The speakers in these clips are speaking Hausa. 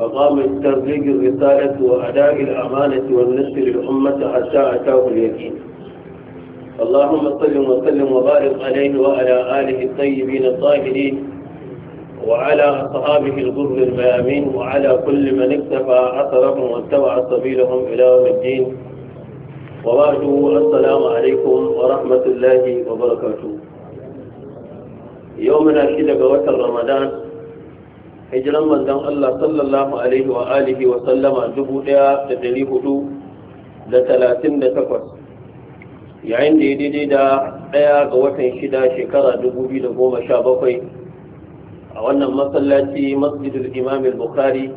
فقام بتبليغ الرسالة وأداء الأمانة والنصح للأمة حتى أتاه اليقين اللهم صل وسلم وبارك عليه وعلى آله الطيبين الطاهرين وعلى أصحابه الغر الميامين وعلى كل من اكتفى أثرهم واتبع سبيلهم إلى يوم الدين وبعده السلام عليكم ورحمة الله وبركاته يومنا شدة وتر رمضان hijiran manzon Allah sallallahu alaihi wa alihi wa sallama takwas, yayin da ya daidai da ɗaya ga watan shida shekara dubu biyu da goma sha bakwai, a wannan masallaci masjidul imam imamil bukhari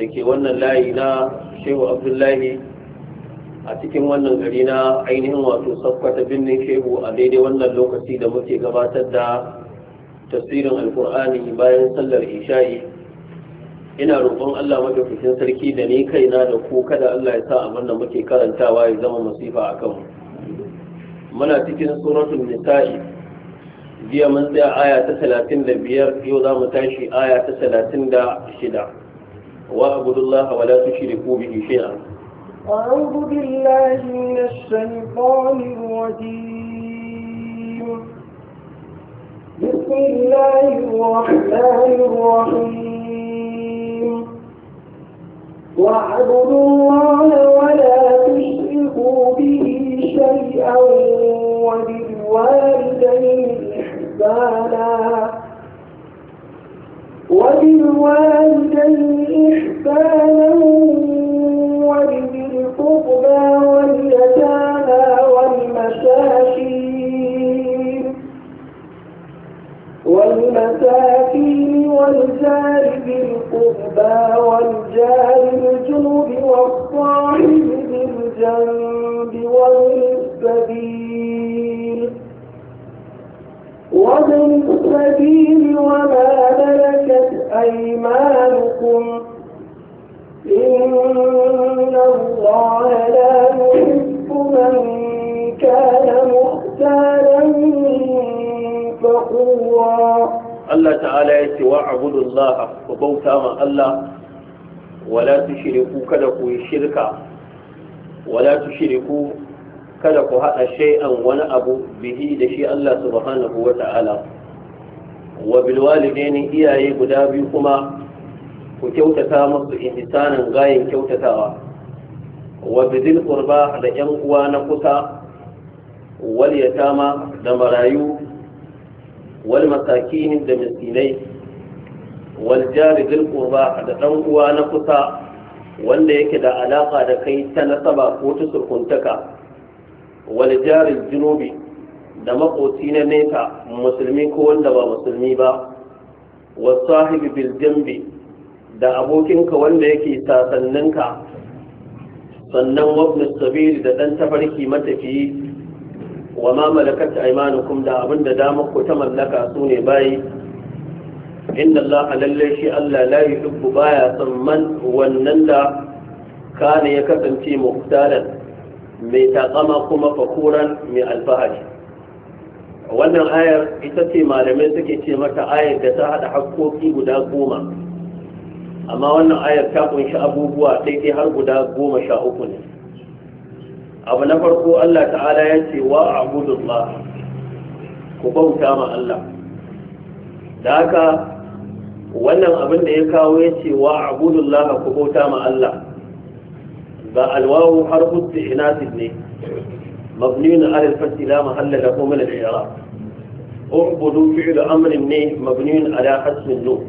da ke wannan layi na shehu abdullahi a cikin wannan gari na ainihin wato Sakkwata birnin shehu a daidai wannan lokaci da muke gabatar da Tasirin alkur'ani bayan sallar isha'i ina roƙon Allah madaukakin sarki da ni kaina da ku kada Allah ya sa abin da muke karantawa ya zama masifa a kanmu muna cikin suratul nisa'i jiya mun tsaya aya ta talatin da biyar yau za mu tashi aya ta talatin da shida wa abudullah wa la tushriku bihi shay'an أعوذ بالله من الشيطان الرجيم بسم الله الرحمن الرحيم واعبدوا الله ولا تشركوا به شيئا وبالوالدين إحسانا وبالوالدين إحسانا وبذي القربى واليتامى والمساكين والجار بالقربى والجار الجنوب والصاحب بالجنب والسبيل وابن السبيل وما ملكت أيمانكم إن الله لا يحب من غفورا Allah ta'ala ya ce wa abudullah ku bauta ma Allah wala tushriku kada ku yi shirka wala tushriku kada ku hada shay'an wani abu bihi da shi Allah subhanahu wa ta'ala wa bil walidaini iyaye guda biyu kuma ku kyautata musu ihsanan gayin kyautatawa wa bidil qurba da yan uwa na kusa wal yatama da marayu wal masakin da miskinai wal jari dil qurba da ɗan uwa na kusa wanda yake da alaƙa da kai ta nasaba ko ta surkuntaka Wani jari junubi da makoci na nesa musulmi ko wanda ba musulmi ba Wasu sahibi bil jambi da abokinka wanda yake sasanninka sannan wabnin sabili da ɗan tafarki matafiyi wa ma malakat aymanukum da abinda damar ku ta mallaka su ne bayi inda Allah lalle shi Allah la yuhibbu baya son man wannan da kana ya kasance muhtalan mai takama kuma fakuran mai alfahari wannan ayar ita ce malamai suke ce mata ayar da ta haɗa hakkoki guda goma amma wannan ayar ta kunshi abubuwa daidai har guda goma sha uku ne abu na farko Allah ta'ala ya ce wa abudullah ku bauta ma Allah da haka wannan abin da ya kawo ya ce wa abudullah ku bauta ma Allah Ba alwawu har kutu inasid ne mabniyun ala al-fath la mahalla lahu min al-i'rab اعبدوا فعل امر مبني على حسب النور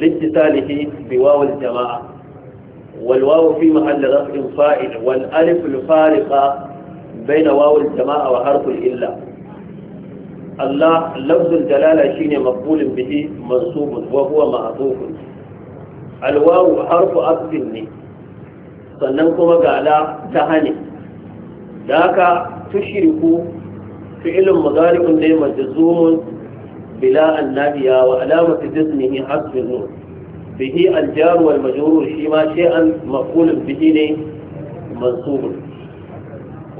لاتصاله بواو jama'a. والواو في محل رفع فاعل والالف الفارقه بين واو الجماعه وحرف الا الله لفظ الدلاله شين مقبول به منصوب وهو معطوف الواو حرف عطف sannan kuma ga ala ta hane da haka tushriku fi'ilun mudari'un ne majzumun bila annabiya wa alamatu jazmihi hasbun nur bihi aljaru wal majrur shi ma shay'an maf'ulun bihi ne mansubun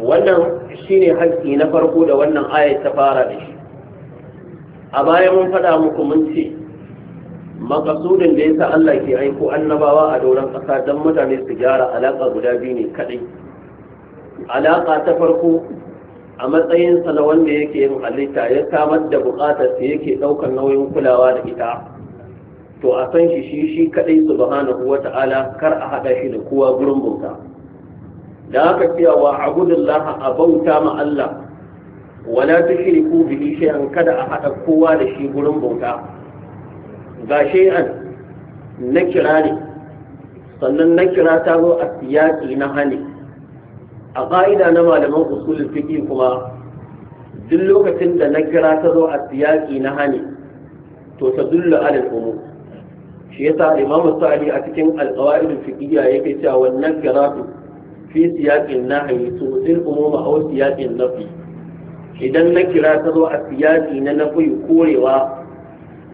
wannan shine haƙƙi na farko da wannan aya ta fara da shi a baya mun faɗa muku mun ce makasudin da yasa Allah ke aiko annabawa a doron ƙasa don mutane su gyara alaƙa guda biyu ne kaɗai alaƙa ta farko a matsayinsa na wanda yake yin halitta ya samar da buƙatar yake ɗaukar nauyin kulawa da ita to a san shi shi shi kadai wa Ta'ala kar a hada shi da kowa gurin bauta da haka cewa abudullah a bauta ma Allah wala ta tushriku bihi shay'an kada a hada kowa da shi gurin bauta ga shay'an na kira ne sannan na kira ta zo a siyaki na hane a ƙa'ida na malaman usulul fiqh kuma duk lokacin da na kira ta zo a siyaki na hane to ta dullu alal umum shi yasa Imam Sa'di a cikin al-qawaid al-fiqhiyya yake cewa wannan garatu fi siyaqin nahyi to zil umuma aw siyaqin nafi idan na kira ta zo a siyaqi na nafi korewa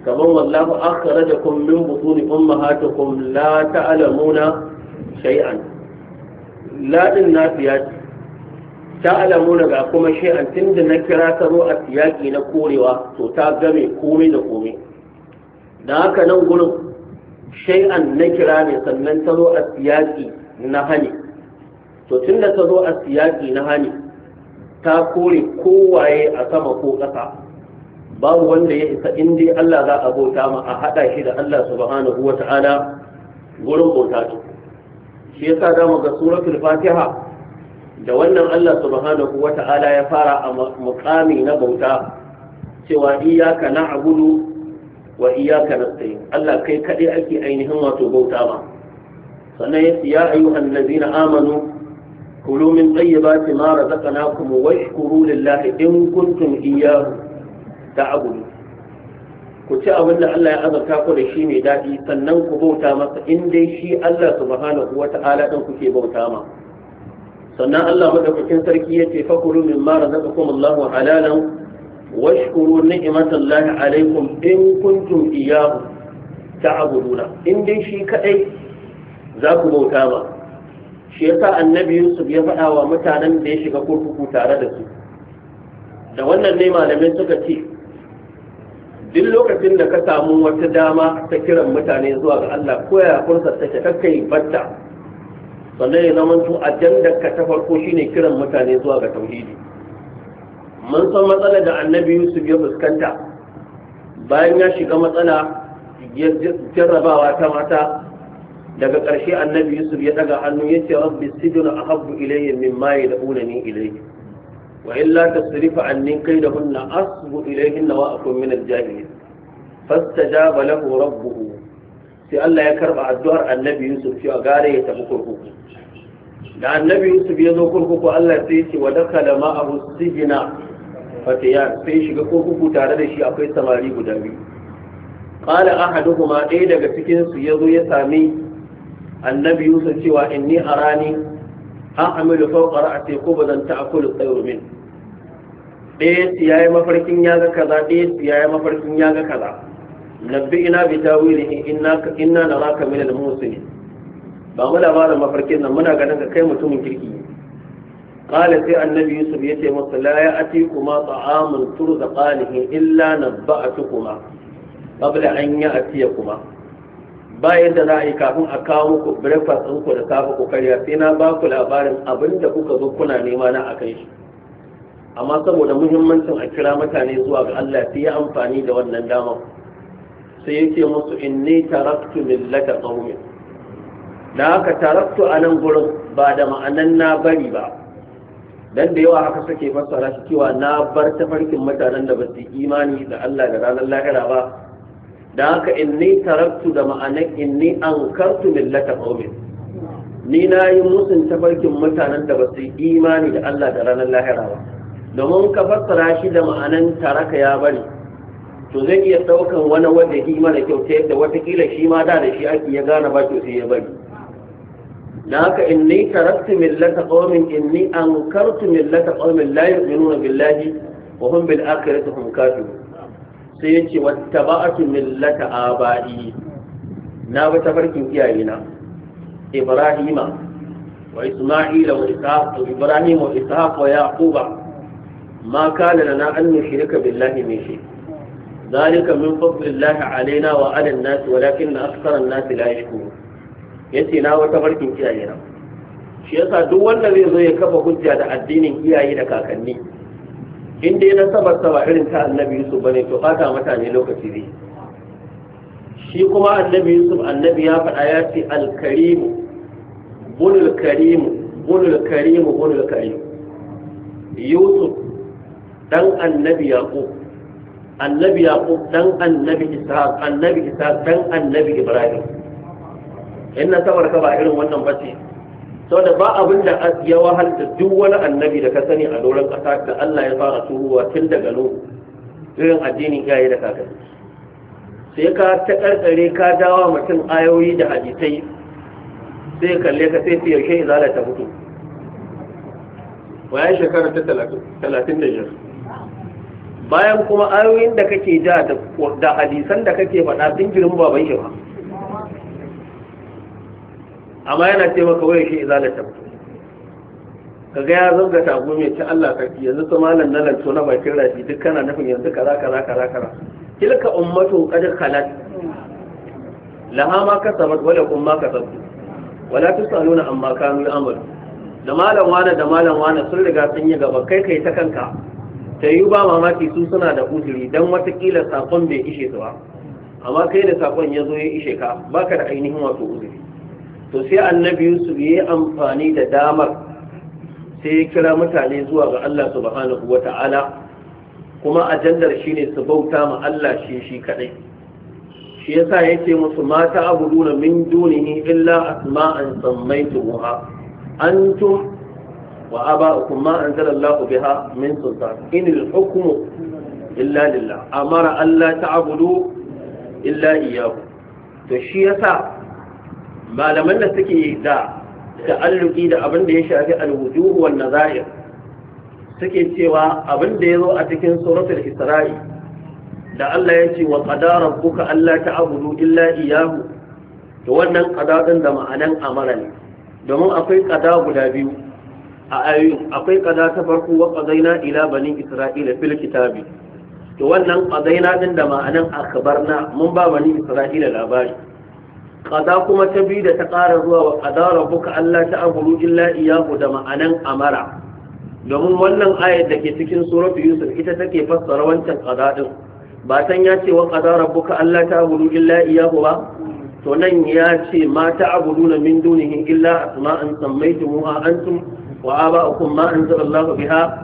kamar wallahu akhrajakum min butuni ummahatikum la ta'lamuna shay'an la din nafiya ta'lamuna ga kuma shay'an tunda na kira ta zo a siyaqi na korewa to ta game komai da komai da haka nan gurin shay'an na kira ne sannan ta zo a siyaki na hani to tun da ta zo a siyaki na hani ta kore kowaye a sama ko ƙasa babu wanda ya isa in dai Allah za a bauta ma a haɗa shi da Allah subhanahu wa ta'ala gurin bauta shi shi yasa da mu ga suratul fatiha da wannan Allah subhanahu wa ta'ala ya fara a muƙami na bauta cewa iyyaka na'budu wa iyyaka nasta'in Allah kai kadai ake ainihin wato bauta ba sannan yace ya ayyuhan ladina amanu kulu min tayyibati ma razaqnakum wa shkuru lillahi in kuntum iyyahu ta'budun ku ci abin da Allah ya azurta ku da shi mai daɗi sannan ku bauta masa in dai shi Allah subhanahu wa ta'ala din kuke bauta ma sannan Allah madaukakin sarki fa fakulu mimma razaqakum Allahu halalan washkuru ni'matallahi alaikum in kuntum iyyahu ta'buduna in dai shi kadai za ku bauta ba shi yasa annabi Yusuf ya faɗawa wa mutanen da ya shiga kurkuku tare da su da wannan ne malamai suka ce duk lokacin da ka samu wata dama ta kiran mutane zuwa ga Allah koya fursa take kakkai batta sannan ya zama to ajandar ka ta farko shine kiran mutane zuwa ga tauhidi mun san matsala da annabi yusuf ya fuskanta bayan ya shiga matsala jarrabawa ta mata daga ƙarshe annabi yusuf ya daga hannu ya ce rabbi sijun ahabbu ilayya mimma yad'unani ilayhi wa illa tasrifa da hunna asbu ilayhinna wa akum min al fastajaba lahu rabbuhu sai Allah ya karba addu'ar annabi yusuf cewa gare ya tafi kurkuku da annabi yusuf ya zo kurkuku Allah sai ya ce wa dakala ma'ahu sijina fatiya sai shiga kurkuku tare da shi akwai samari guda biyu qala ahaduhuma ɗaya daga cikin su yazo ya sami annabi yusa cewa inni arani a'amilu fawqa ba khubzan ta'kulu at-tayr min ɗaya su yayi mafarkin ya ga kaza ɗaya su yayi mafarkin ya ga kaza nabbi ina bi tawilihi inna inna naraka min al-muslimin ba mu labarin mafarkin nan muna ganin ka kai mutumin kirki ne قال في النبي يوسف يتي لا يأتيكما طعام ترزقانه إلا نبأتكما قبل أن يأتيكما bayan da za a yi kafin a kawo muku breakfast ɗinku da safe ku karya sai na ba ku labarin abin da kuka zo kuna nema na a kai shi amma saboda muhimmancin a kira mutane zuwa ga Allah sai ya amfani da wannan damar sai yake musu inni taraktu millata qaumin da aka taraktu a nan gurin ba da ma'anan na bari ba dan da yawa haka suke fassara shi cewa na bar tafarkin mutanen da ba su imani da Allah da ranar lahira ba da haka inni taraktu da ma'anar inni kartu millata qaumin ni na yi musun tafarkin mutanen da ba su imani da Allah da ranar lahira ba domin ka fassara shi da ma'anan taraka ya bari to zai iya daukan wani wanda yi mana kyau ta yadda watakila shi ma da da shi ake ya gane ba to sai ya bari da haka inni taraktu millata qaumin inni ankartu millata qaumin la yu'minuna billahi wa hum bil akhirati hum kafirun sai yace wattaba'tu millata aba'i na bi tafarkin iyayena ibrahima wa isma'ila wa ishaq wa wa ishaq wa yaquba ma kana lana an nushrika billahi min shay ذلك من فضل الله علينا وعلى الناس ولكن أكثر الناس لا يشكرون yace na wata farkin iyaye na shi yasa duk wanda zai zo ya kafa hujja da addinin iyaye da kakanni in dai na sabar saba irin ta annabi yusuf bane to fata mutane lokaci zai shi kuma annabi yusuf annabi ya faɗa ya ce alkarimu bunul karimu bunul karimu bunul karimu yusuf dan annabi yaqub annabi yaqub dan annabi Isa annabi Isa dan annabi ibrahim in na sabar ka ba irin wannan ba ce saboda ba abin da ya wahalta duk wani annabi da ka sani a doron ƙasa da Allah ya fara turuwa tun daga nuhu irin addinin iyaye da kakanni sai ka ta karkare ka dawa mutum ayoyi da hadisai sai kalle ka sai yaushe izala ta fito bayan shekara ta talatin da biyar bayan kuma ayoyin da kake ja da hadisan da kake faɗa sun girma baban shi ba amma yana ce maka wai shi izala ka kaga ya zanga tago mai ci Allah kaki yanzu su malam na lanto na bakin rafi duk kana nufin yanzu kaza kaza kaza kaza tilka ummatu qad khalat laha ma kasabat wa lakum ma kasabtu wala tusaluna amma kanu amal da malam wani da malam wani sun riga sun yi gaba kai kai ta kanka ta yi ba mamaki su suna da uzuri dan watakila sakon bai ishe su ba amma kai da sakon ya zo ya ishe ka baka da ainihin wato uzuri to sai annabi yusuf ya yi amfani da damar sai ya kira mutane zuwa ga allah subhanahu wa ta'ala kuma ajandar shi ne su bauta ma allah shi shi kaɗai shi yasa ya ce musu mata abuduna min dunihi illa asma'an sammaitumuha antum wa aba'ukum ma anzalallahu biha min sultan in al-hukmu illa lillah amara alla ta'budu illa iyyahu to shi yasa malaman da suke da ta'alluki da abin da ya shafi alwujuhu wan nazair suke cewa abin da yazo a cikin suratul isra'i da Allah ya ce wa qadara rabbuka alla ta'budu illa iyyahu to wannan qada da ma'anan amara ne domin akwai qada guda biyu a ayu akwai qada ta farko wa qadaina ila bani isra'ila fil kitabi to wannan qadaina din da ma'anan akhbarna mun ba bani isra'ila labari kaza kuma ta bi da ta ƙara zuwa wa ka Allah alla ta'budu illa iyyahu da ma'anan amara domin wannan ayar da ke cikin suratu yusuf ita take fassara wancan kaza din ba san ya ce wa ka Allah alla ta'budu illa iyyahu ba to nan ya ce ma na min dunihi illa asma'an sammaytumuha antum wa aba'ukum ma anzalallahu biha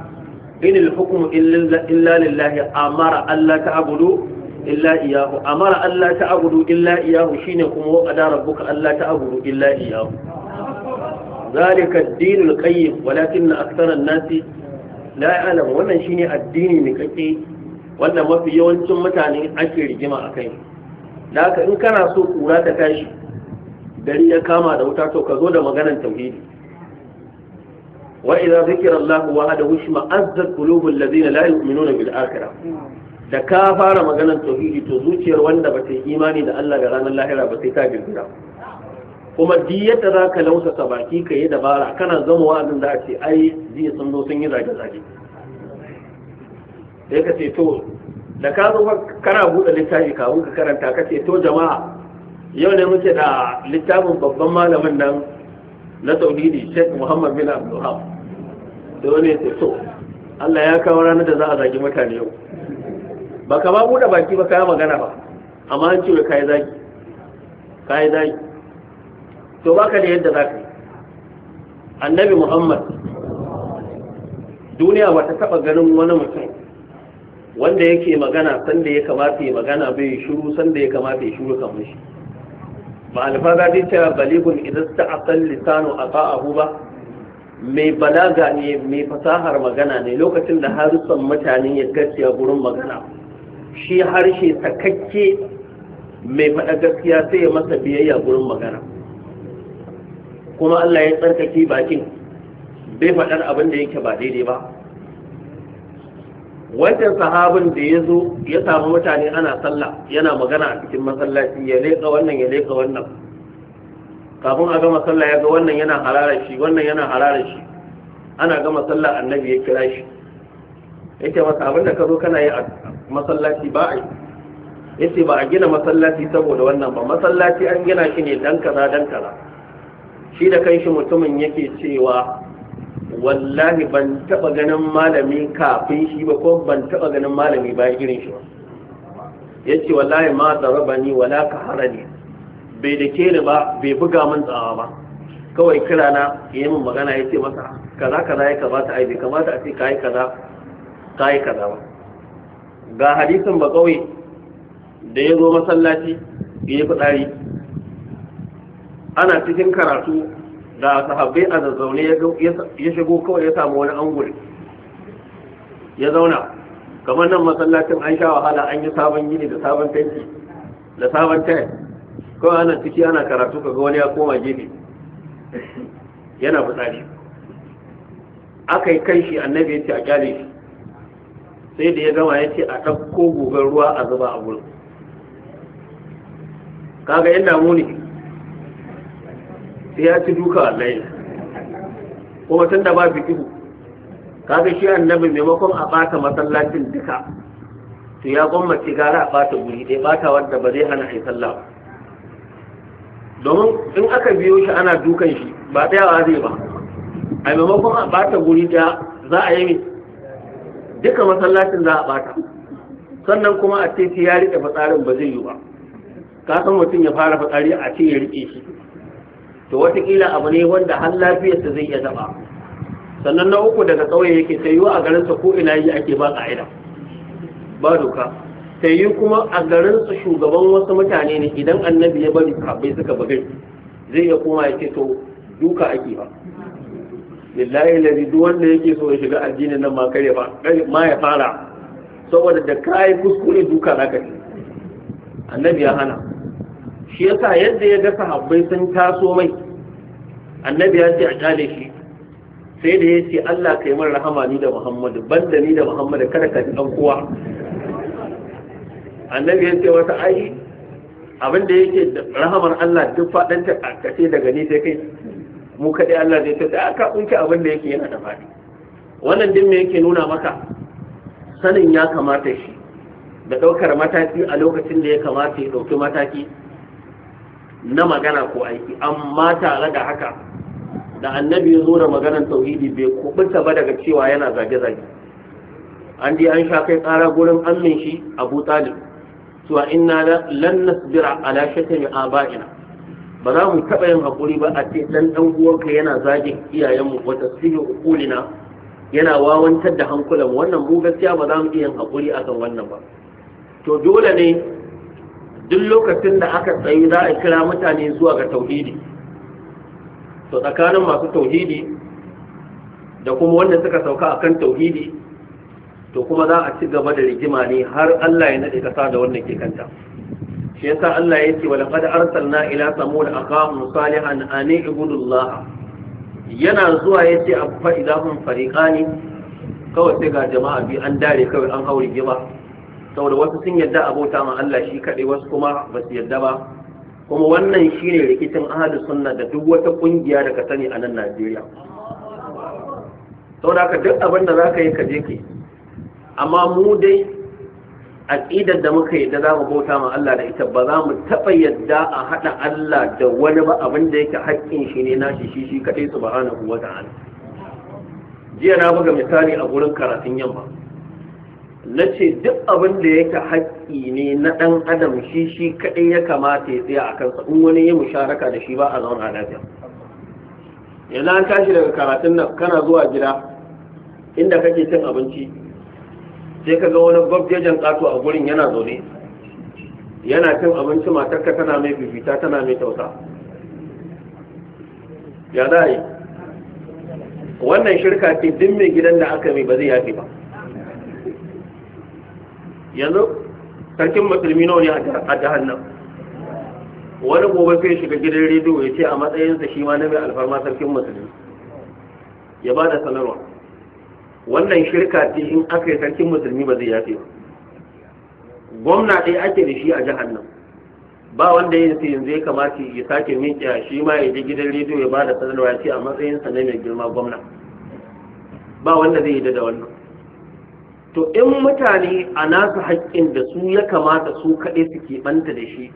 in al-hukmu illa lillahi amara gudu. illa iyahu amara Allah ta abudu illa iyahu shine kuma wa qadara rabbuka Allah ta abudu illa iyahu zalika ad-din al-qayyim walakin akthara an-nasi la ya'lamu wannan shine addini ne kake wanda mafi yawancin mutane ake rigima akai da haka in kana so kura ta tashi gari ya kama da wuta to ka zo da maganar tauhidi wa idza zikra Allah wahdahu shma'azzat qulubul ladina la yu'minuna bil akhirah da ka fara maganar tauhidi to zuciyar wanda ba ta yi imani da Allah da ranar lahira ba sai ta girgira kuma duk yadda za ka lausa lausasa baki ka yi dabara kana zama wa'azin da a ce ai jiya sun zo sun yi zage-zage da ka ce to da ka zo kana buɗe littafi kawun ka karanta ka ce to jama'a yau ne muke da littafin babban malamin nan na tauhidi Sheikh Muhammad bin Abdul da wani ya ce to Allah ya kawo ranar da za a zagi mutane yau ba ka ba buɗe baki ba ka yi magana ba amma an ce ka yi zaki ka yi zaki to ba ka da yadda za ka yi annabi muhammad duniya ba ta taɓa ganin wani mutum wanda yake magana sanda ya kamata ya magana bai shuru sanda ya kamata ya shuru kamar shi ba alfaza dai cewa baligun idan ta asal lisanu a ba'ahu ba mai balaga ne mai fasahar magana ne lokacin da harsun mutane ya gaskiya gurin magana shi harshe sakakke mai faɗa gaskiya sai ya masa biyayya gurin magana kuma Allah ya tsarkake bakin bai faɗar abin da yake ba daidai ba wancan sahabin da ya zo ya samu mutane ana sallah yana magana a cikin masallaci ya leƙa wannan ya leƙa wannan kafin a gama sallah ya ga wannan yana harara shi wannan yana harara shi ana gama sallah annabi ya kira shi yake masa abin da ka zo kana yi a masallaci ba a yi yace ba a gina masallaci saboda wannan ba masallaci an gina shi ne dan kaza dan kaza shi da kanshi mutumin yake cewa wallahi ban taba ganin malami kafin shi ba ko ban taba ganin malami bayan irin shi ba yace wallahi ma zarabani wala ka ne bai da ni ba bai buga min tsawa ba kawai kira na yi min magana yace masa kaza kaza ya kamata ai bai kamata a ce kai kaza kai kaza ba ga hadisin ba kauye da ya zo masallaci ya yi ana cikin karatu da sahabbai a zazzaune ya shigo kawai ya samu wani angul ya zauna kamar nan masallacin an sha wahala an yi sabon gini da sabon tanki da sabon tayar kawai ana ciki ana karatu ga wani ya koma gefe yana fitsari aka yi kai shi annabi ya ce a kyale shi sai da ya gama ya ce a ɗauko gugar ruwa a zuba a gurin kaga yan damu ne sai ya ci duka wallahi kuma tun da ba fikihu kaga shi annabi maimakon a ɓata masallacin duka to ya gwammace gara a ɓata guri ɗaya ɓata wanda ba zai hana a yi sallah domin in aka biyo shi ana dukan shi ba tsayawa zai ba a maimakon a bata guri ɗaya za a yi duka masallacin za a bata sannan kuma a ce ya rike fitsarin ba zai yi ba ka san mutum ya fara fitsari a ce ya rike shi to watakila abu ne wanda har lafiyarsa zai iya zaba sannan na uku daga ƙauye yake ta yiwu a garinsa ko ina yi ake ba ka'ida ba doka ta yi kuma a garinsa shugaban wasu mutane ne idan annabi ya bari sahabbai suka bugai zai iya koma ya ce to duka ake ba lillahi ladhi duk wanda yake so ya shiga addinin nan ma kare ba ma ya fara saboda da kai kuskure duka zaka kai. annabi ya hana shi yasa yadda ya ga sahabbai sun taso mai annabi ya ce a kale shi sai da ya ce Allah kai mun rahama ni da Muhammadu banda ni da Muhammadu kada ka ji dan kowa annabi ya ce wata ai abin da yake rahamar Allah duk faɗin kace daga ni sai kai mu kaɗai Allah zai tafi a ka kunci abin da yake yana da faɗi wannan din me yake nuna maka sanin ya kamata shi da ɗaukar mataki a lokacin da ya kamata ya ɗauki mataki na magana ko aiki amma tare da haka da annabi ya zo da maganar tauhidi bai kubuta ba daga cewa yana zage-zage an je an sha kai tsara gurin amin shi abu talib cewa inna lan nasbira ala shatami aba'ina ba za mu taɓa yin haƙuri ba a ce ɗan ɗan uwanka yana zagin iyayenmu wata siyo ukulina yana wawantar da hankulan wannan mu gaskiya ba za mu iya yin haƙuri akan wannan ba to dole ne duk lokacin da aka tsayi za a kira mutane zuwa ga tauhidi to tsakanin masu tauhidi da kuma wanda suka sauka akan tauhidi to kuma za a ci gaba da rigima ne har Allah ya nade kasa da wannan ke kanta shi yasa Allah yake wa laqad arsalna ila samud aqamu salihan an ibudullah yana zuwa yace fa idahum fariqani kawai sai ga jama'a bi an dare kawai an haure giba saboda wasu sun yadda abota ma Allah shi kadai wasu kuma ba su yadda ba kuma wannan shine rikicin ahlus sunna da duk wata kungiya da ka sani a nan Najeriya saboda haka duk abin da zaka yi ka je ki amma mu dai aqidar da muka da za mu bauta ma Allah da ita ba za mu taɓa yadda a haɗa Allah da wani ba abin da yake haƙƙin shi ne na shi shi kaɗai subhanahu wa ta'ala jiya na buga misali a gurin karatun yamma na ce duk abin da yake haƙƙi ne na ɗan adam shi shi kaɗai ya kamata ya tsaya a kansa in wani ya musharaka da shi ba a zauna lafiya yanzu an tashi daga karatun nan kana zuwa gida inda kake cin abinci sai ka ga wani gwabjejen ƙato a gurin yana zaune yana cin abinci matarka tana mai fifita tana mai tausa ya za yi wannan shirka ce din mai gidan da aka mai ba zai yafi ba yanzu sarkin musulmi nawa ne a jihar nan? wani gobe sai shiga gidan rediyo ya ce a matsayinsa shi ma na mai alfarma sarkin musulmi ya ba da sanarwa wannan shirka ce in aka yi sarkin musulmi ba zai yafe ba gwamna ɗaya ake da shi a jihar nan ba wanda yin sai yanzu ya kamata ya sake miƙe shi ma ya je gidan rediyo ya ba da sanarwa ce a matsayinsa na mai girma gwamna ba wanda zai yi da wannan to in mutane a nasu haƙƙin da su ya kamata su kaɗai su keɓanta da shi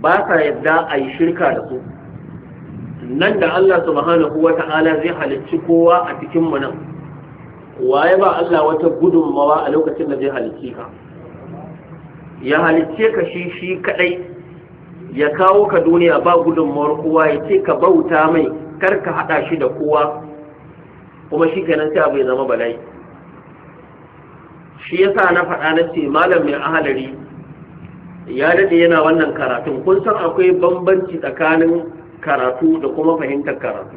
ba sa yadda a yi shirka da su nan da Allah subhanahu wa ta'ala zai halicci kowa a cikin mu nan waye ba Allah wata gudunmawa a lokacin da zai halicce ka ya halicce ka shi shi kadai ya kawo ka duniya ba gudunmawar kowa ya ce ka bauta mai kar ka hada shi da kowa kuma shi kenan sai abu ya zama bala'i shi yasa na faɗa na ce malam mai ahalari ya daɗe yana wannan karatun kun san akwai bambanci tsakanin karatu da kuma fahimtar karatu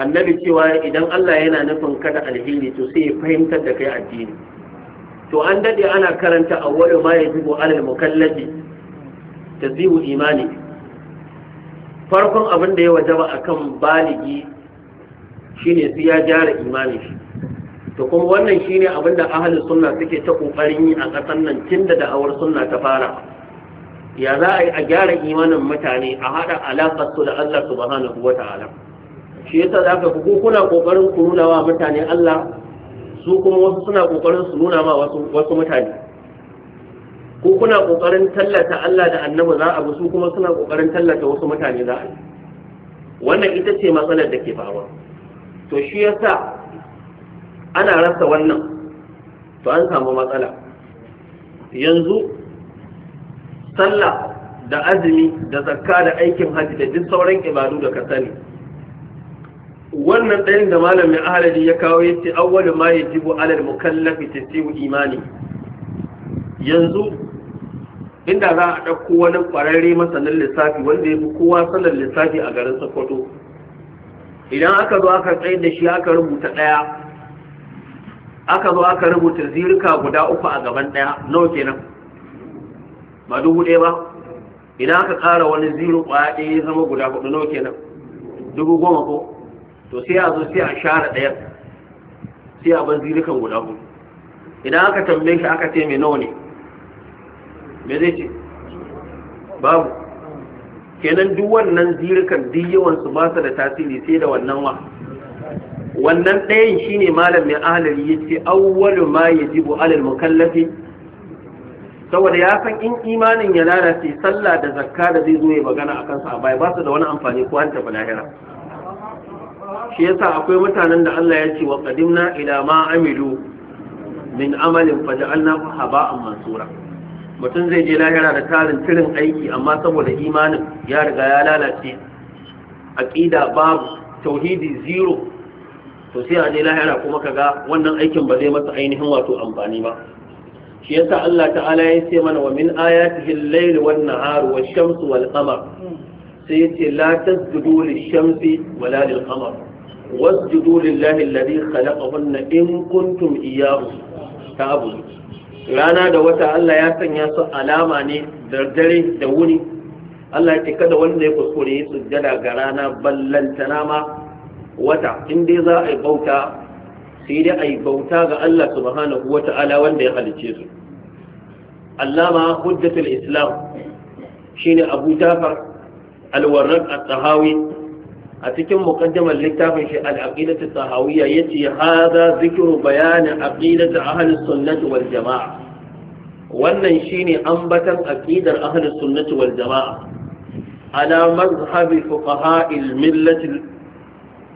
annabi cewa idan Allah yana nufin kada alheri to sai ya fahimtar da kai addini to an dade ana karanta awwalu ma yajibu alal mukallafi tazihu imani farkon abin da ya wajaba akan baligi shine sai ya jara imani shi to kuma wannan shine abin da ahlus sunna suke ta kokarin yi a kasan nan tunda da'awar sunna ta fara ya za a gyara imanin mutane a hada alaƙar su da Allah subhanahu wa ta'ala shi yasa da aka fi kuna kokarin ku nuna wa mutane Allah su kuma wasu suna kokarin su nuna ma wasu mutane ko kuna kokarin tallata Allah da annabi za a su kuma suna kokarin tallata wasu mutane za a yi wannan ita ce matsalar da ke faruwa to shi yasa ana rasa wannan to an samu matsala yanzu sallah da azumi da zakka da aikin hajji da duk sauran ibadu da ka sani wannan ɗayan da malamin ahalaji ya kawo ya ce awwalu ma ya jibo alal mukallafi tasiu imani yanzu inda za a ɗauko wani ƙwararre masanin lissafi wanda ya fi kowa sanin lissafi a garin sokoto idan aka zo aka tsaye da shi aka rubuta ɗaya aka zo aka rubuta zirka guda uku a gaban ɗaya nawa kenan ba dubu ɗaya ba idan aka ƙara wani zirin ƙwaya ɗaya ya zama guda hudu nawa kenan dubu goma ko to sai a zo sai a share ɗayan sai a bar zirikan guda hudu idan aka tambaye shi aka ce mai nawa ne me zai ce babu kenan duk wannan zirikan duk yawan su ba su da tasiri sai da wannan wa wannan ɗayan shine malam mai ahalari ya ce awwalu ma yajibu alal mukallafi saboda ya san in imanin ya lalace sallah da zakka da zai zo ya magana akan sa a baya ba su da wani amfani ko an tafi lahira shi yasa akwai mutanen da Allah ya ce wa qadimna ila ma amilu min amalin faja'alnahu haba'an mansura mutum zai je lahira da tarin tirin aiki amma saboda imanin ya riga ya lalace aqida babu tauhidi zero to sai a je lahira kuma kaga wannan aikin ba zai masa ainihin wato amfani ba shi yasa Allah ta'ala ya ce mana wa min ayatihi al-layl an nahar ash shamsu wal qamar sai ce la tasjudu lish-shamsi la lil-qamar wasjudu lillahi alladhi khalaqahunna in kuntum iyyahu ta'budun rana da wata Allah ya sanya su alama ne da dare da wuni Allah ya ce kada wanda ya kuskure ya sujjada ga rana ballantana ma wata in dai za a yi bauta sai dai a yi bauta ga Allah subhanahu wata'ala wanda ya halicce su allama hujjatul islam shine abu jafar warraq at-tahawi a cikin muƙaddamar littafin shi al-aqidatu tahawiyya yace hadha zikru bayanin aqidatu ahli sunnati wal jamaa wannan shine ambatan aqidar ahli sunnati wal jamaa ala mazhabi fuqaha'il millati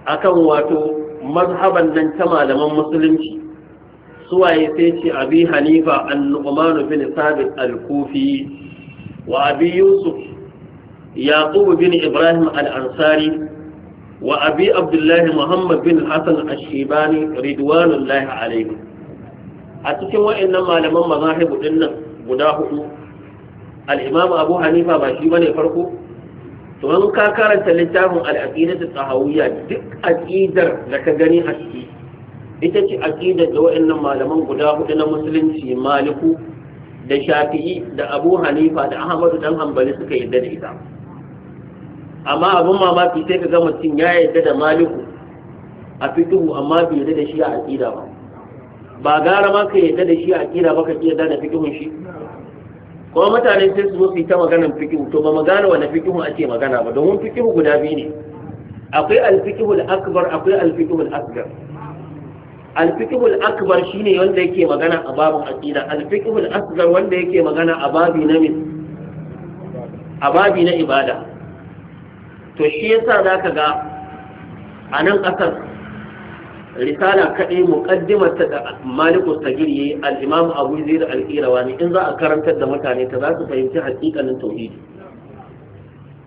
akan wato mazhaban nan ta malaman musulunci suwaye sai ce abi hanifa an-nu'man bin sabit al-kufi wa abi yusuf yaqub bin ibrahim al-ansari wa abi abdullahi muhammad bin hassan ashibani ridwanullahi alaihi a cikin wa'annan malaman mazahibu din nan guda hudu al abu hanifa ba shi bane farko to an ka karanta littafin al tahawiyya duk aqidar da ka gani haske? ita ce aqidar da wa'annan malaman guda hudu na musulunci maliku da shafi'i da abu hanifa da ahmadu dan hanbali suka yarda da ita amma abin mamaki sai ka ga mutum ya yarda da maliku a fituhu amma bai yarda da shi a aqida ba ba gara ma ka yarda da shi a aqida ba ka iya da fikihun shi kuma mutane sai su zo su yi ta maganar fikihu to ba mu gane wani fikihu ake magana ba domin fikihu guda biyu ne akwai alfikihul akbar akwai alfikihul asgar alfikihul akbar shine wanda yake magana a babin aqida alfikihul asgar wanda yake magana a babi na min a babi na ibada to shi yasa za ka ga a nan ƙasar risala kaɗai muƙaddimar ta da maliku sagir yayi al-imam abu da al ne in za a karantar da mutane ta za su fahimci haƙiƙanin tauhidi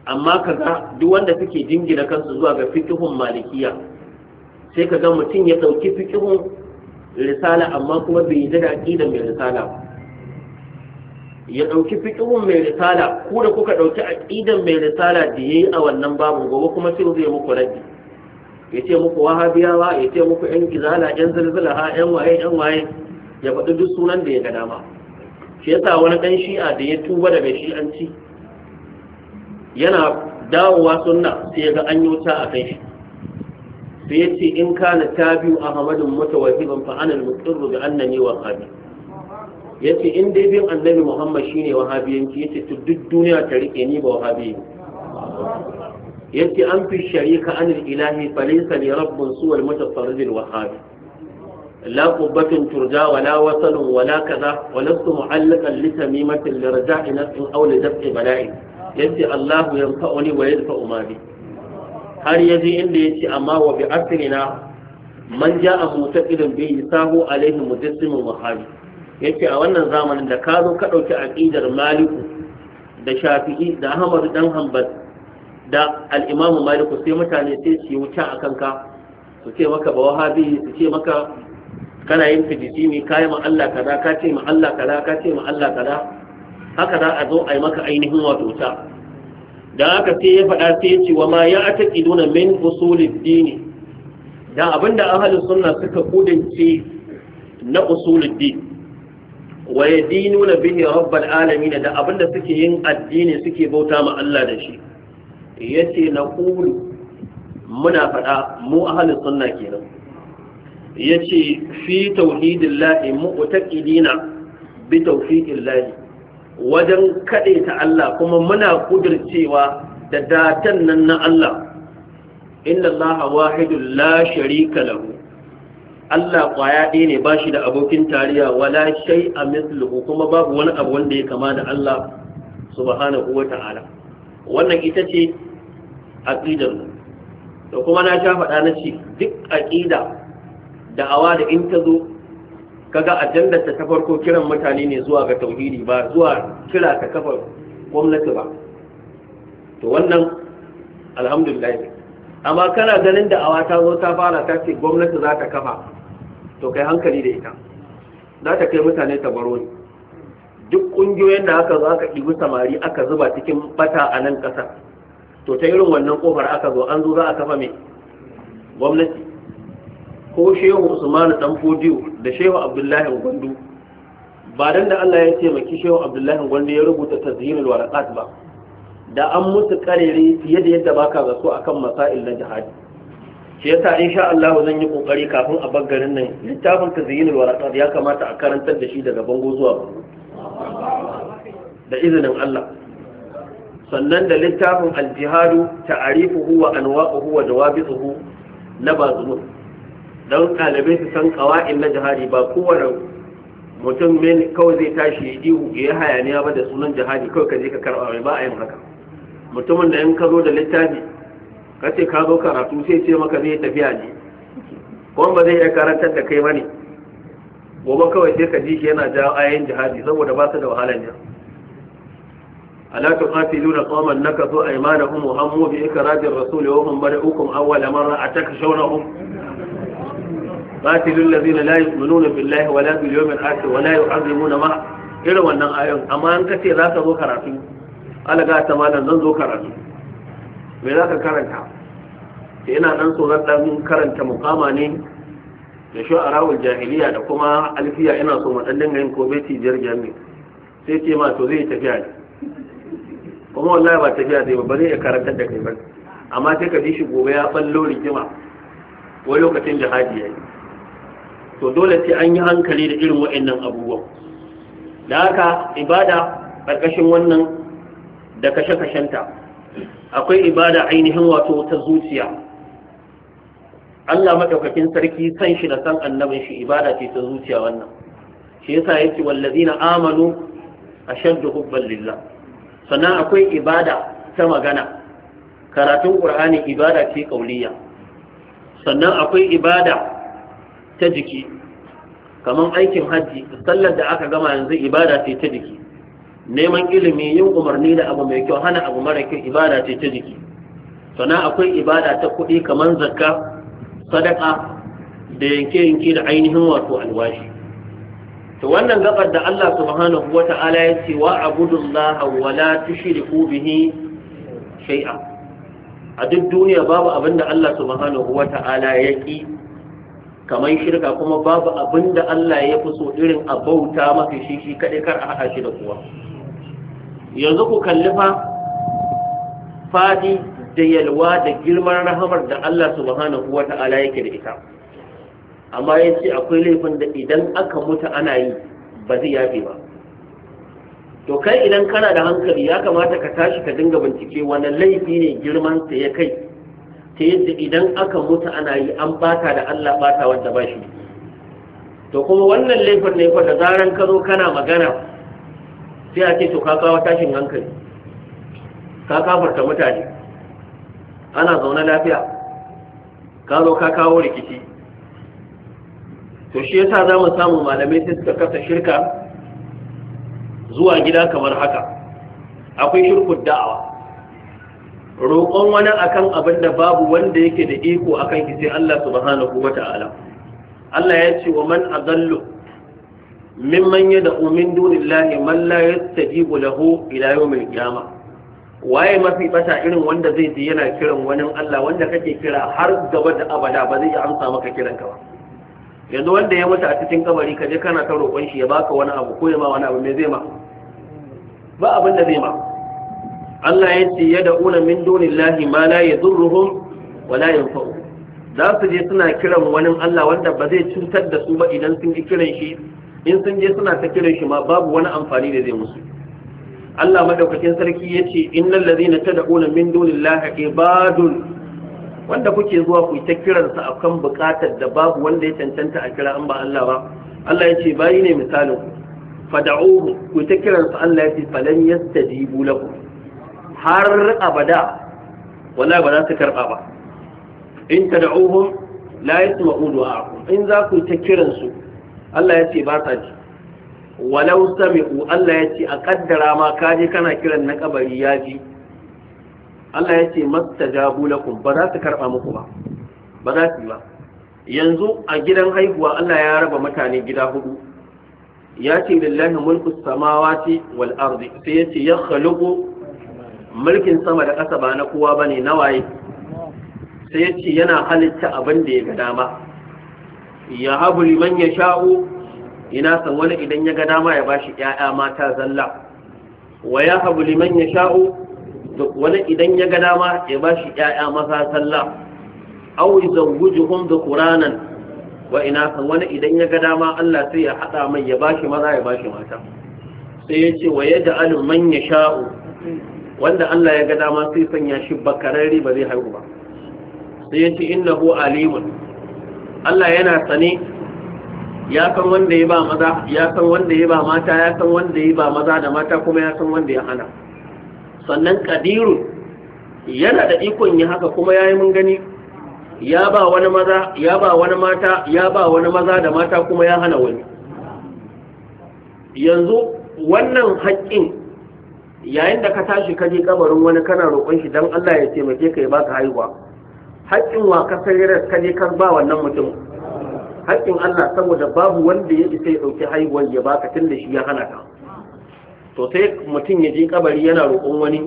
amma ka ga duk wanda suke jingina kansu zuwa ga fikihun malikiya sai ka ga mutum ya ɗauki fikihun risala amma kuma bai yi da mai risala ba ya ɗauki fikirin mai risala ku da kuka ɗauki aƙidan mai risala da ya yi a wannan babu gobe kuma sai zai muku rabi ya ce muku wahabiyawa ya ce muku yan gizala yan zalzala ha yan waye yan waye ya faɗi duk sunan da ya ga dama shi yasa wani ɗan shi'a da ya tuba daga shi'anci yana dawowa sunna sai ya ga an yi wuta a kai shi sai ya ce in kana tabiu ahmadun mutawahhiban fa ana al-muqirru bi annani wahabi ya ce in dai bin annabi muhammad shine wahabiyanci ya ce to duk duniya ta rike ni ba wahabi ya ce an fi sharika an ilahi falisa ne rabbin suwal mutafarrijin wahabi لا قبة ترجى ولا وصل ولا كذا ولست معلقا لتميمة لرجاء نفع أو لدفع بلاء يجزي الله ينفعني ويدفع ما بي har ya inda ya ce amma wa bi asirina man ja'a mutaqidin bi yasahu alaihi mujassimin wahabi ce a wannan zamanin da ka zo ka ɗauki aƙidar maliku da shafi'i da ahmad dan hanbal da al'imamu maliku sai mutane sai su yi wuta a kanka su ce maka ba wahabi su ce maka kana yin fijiti ne ka yi Allah kaza ka ce ma Allah kaza ka ce ma Allah kaza haka za a zo a yi maka ainihin wato ta dan haka sai ya faɗa sai ya ce wa ma ya ataqiduna min usulid dini da abinda ahlus sunna suka kudance na usulid din wa na bihi rabbal alamin da abinda suke yin addini suke bauta ma Allah da shi yace na qulu muna fada mu ahli sunna kenan yace fi tauhidillahi mu'taqidina bi lahi. wajen ta Allah kuma muna kudircewa da datan nan na Allah inna Allah wahidul la sharika lahu Allah kwaya ɗaya ne ba shi da abokin tariya wala shai a mislihu kuma babu wani abu wanda ya kama da Allah subhanahu wa ta'ala wannan ita ce aqidar mu da kuma na sha faɗa na ce duk aqida ƙida da in ta zo kaga ajandar ta farko kiran mutane ne zuwa ga tauhidi ba zuwa kira ta kafa gwamnati ba to wannan alhamdulillah amma kana ganin da awa ta zo ta fara ta ce gwamnati za ta kafa to kai hankali da ita za ta kai mutane ta baro ne duk ƙungiyoyin da aka zo aka ɗibi samari aka zuba cikin bata a nan ƙasa to ta irin wannan ƙofar aka zo an zo za a kafa mai gwamnati ko shehu usmanu dan fodiyo da shehu abdullahi gwandu ba dan da Allah ya ce taimaki shehu abdullahi gwandu ya rubuta tazhirul warakat ba da an mutu karere fiye da yadda baka a kan masail na jihadi shi yasa insha Allah zan yi kokari kafin a baggarin nan littafin tazyinul waraqat ya kamata a karantar da shi daga bango zuwa bango da izinin Allah sannan da littafin aljihadu ta'arifuhu wa anwa'uhu wa jawabisuhu na bazunu don ɗalibai su san kawa'in na jihadi ba kowane mutum mai kawai zai tashi ya ihu ya hayaniya ba da sunan jihadi kawai ka je ka karɓa mai ba a yin haka mutumin da in ka zo da littafi ka ce ka zo karatu sai ce maka zai tafiya ne kuma ba zai iya karantar da kai bane gobe kawai sai ka ji shi yana jawo ayoyin jihadi saboda ba su da wahalan ya ala tuqatiluna qauman nakathu aymanahum wa hammu bi ikrajir rasul wa hum bada'ukum awwal marra atakshawhum qatilul ladina la yu'minuna billahi wa la bil yawmil akhir wa la yu'azzimuna ma irin wannan ayoyin amma an kace za ka zo karatu alaga ta malam zan zo karatu me za ka karanta ta eh, yana ɗan tsoron ɗan karanta mukama ne da sha'arawar jahiliya da kuma alfiya ina so mu ɗan dinga yin ko beti jirgin ne sai ce ma to zai tafiya ne kuma wallahi ba tafiya zai ba zai iya karanta da kai ba amma sai ka ji shi gobe ya ballo rigima wani lokacin Haji ya yi to dole sai an yi hankali da irin waɗannan abubuwan da haka ibada ƙarƙashin wannan da kashe-kashenta akwai ibada ainihin wato ta zuciya Allah madaukakin sarki san shi da san annabin shi ibada ce ta zuciya wannan shi yasa yake wallazina amanu ashaddu hubban lillah sannan akwai ibada ta magana karatun qur'ani ibada ce kauliya sannan akwai ibada ta jiki kamar aikin hajji sallar da aka gama yanzu ibada ce ta jiki neman ilimi yin umarni da abu mai kyau hana abu mara kyau ibada ce ta jiki sannan akwai ibada ta kuɗi kamar zakka sadaka da yanke yanke da ainihin wato alwashi to wannan gabar da Allah subhanahu wata'ala ya ce wa abudullaha wa la tushriku bihi shay'a a duk duniya babu abinda Allah subhanahu wata'ala ya ki kamar shirka kuma babu abinda Allah ya fi so irin a bauta maka shi shi kaɗai kar a haɗa shi da kuwa. yanzu ku kalli fa fadi da yalwa da girman rahamar da Allah subhanahu wa ta'ala yake da ita amma ya ce akwai laifin da idan aka mutu ana yi ba zai yafe ba to kai idan kana da hankali ya kamata ka tashi ka dinga bincike wani laifi ne girman sa ya kai ta yadda idan aka mutu ana yi an bata da Allah bata wanda ba shi to kuma wannan laifin ne fa da zaran ka zo kana magana sai a ce to ka kawo tashin hankali ka kafarta mutane ana zaune lafiya ka zo ka kawo rikici to shi yasa za mu samu malamai sai suka kasa shirka zuwa gida kamar haka akwai shirkun da'awa roƙon wani akan abin da babu wanda yake da iko akan ki sai Allah subhanahu wata'ala Allah ya ce wa man azallu mimman ya da umin duni lahi man la yastajibu lahu ila yawmil qiyama waye mafi bata irin wanda zai je yana kiran wani Allah wanda kake kira har gaba da abada ba zai amsa maka kiran ka ba yanzu wanda ya mutu a cikin kabari ka je kana ta roƙon shi ya baka wani abu ko ya ma wani abu me zai ma ba abin da zai ma Allah ya ce ya da'una min dunillahi ma la yadurruhum wa la yanfa'u za su je suna kiran wani Allah wanda ba zai cutar da su ba idan sun ji kiran shi in sun je suna ta kiran shi ma babu wani amfani da zai musu Allah madaukakin sarki ya ce innal ta tad'una min dunillahi ibadun wanda kuke zuwa ku ta kiransa akan bukatar da babu wanda ya cancanta a kira an ba Allah ba Allah ya ce bayi ne misalin ku fad'uhu ku ta kiransa Allah ya ce falan yastajibu lakum har abada wallahi ba za su karba ba in tad'uhum la yasma'u du'a'akum in za ku ta kiransu Allah ya ce ba sa ji walau sami'u Allah ya ce a kaddara ma ka kana kiran na kabari ya ji Allah ya ce mastajabu lakum ba za su karba muku ba ba za su ba yanzu a gidan haihuwa Allah ya raba mutane gida hudu ya ce lillahi mulku samawati wal ardi sai ya ce ya khaluqu mulkin sama da ƙasa ba na kowa bane nawaye sai ya ce yana halitta abin da ya ga dama ya habu liman ya sha'u ina san wani idan ya ga dama ya bashi ƴaƴa mata zalla wa ya habu liman ya sha'u wani idan ya ga dama ya bashi ƴaƴa maza zalla aw yuzawwijuhum dhukuranan wa ina san wani idan ya ga dama Allah sai ya hada mai ya bashi maza ya bashi mata sai ya ce wa yaj'alu man ya sha'u wanda Allah ya ga dama sai sanya shi bakarari ba zai haihu ba sai ya ce innahu alimun Allah yana sane ya san wanda ya ba maza ya san wanda ya ba mata ya san wanda ya ba maza da mata kuma ya san wanda ya hana sannan kadiru yana da ikon ya haka kuma yayi mun gani ya ba wani maza ya ba wani mata ya ba wani maza da mata kuma ya hana wani yanzu wannan haƙƙin yayin da ka tashi kaje kabarin wani kana roƙon shi dan Allah ya taimake ka ya baka haihuwa haƙƙin wa kasar sayar ka ne kan ba wannan mutum haƙƙin Allah saboda babu wanda ya isa ya ɗauki haihuwar ya baka tun da shi ya hana ka to sai mutum ya je kabari yana roƙon wani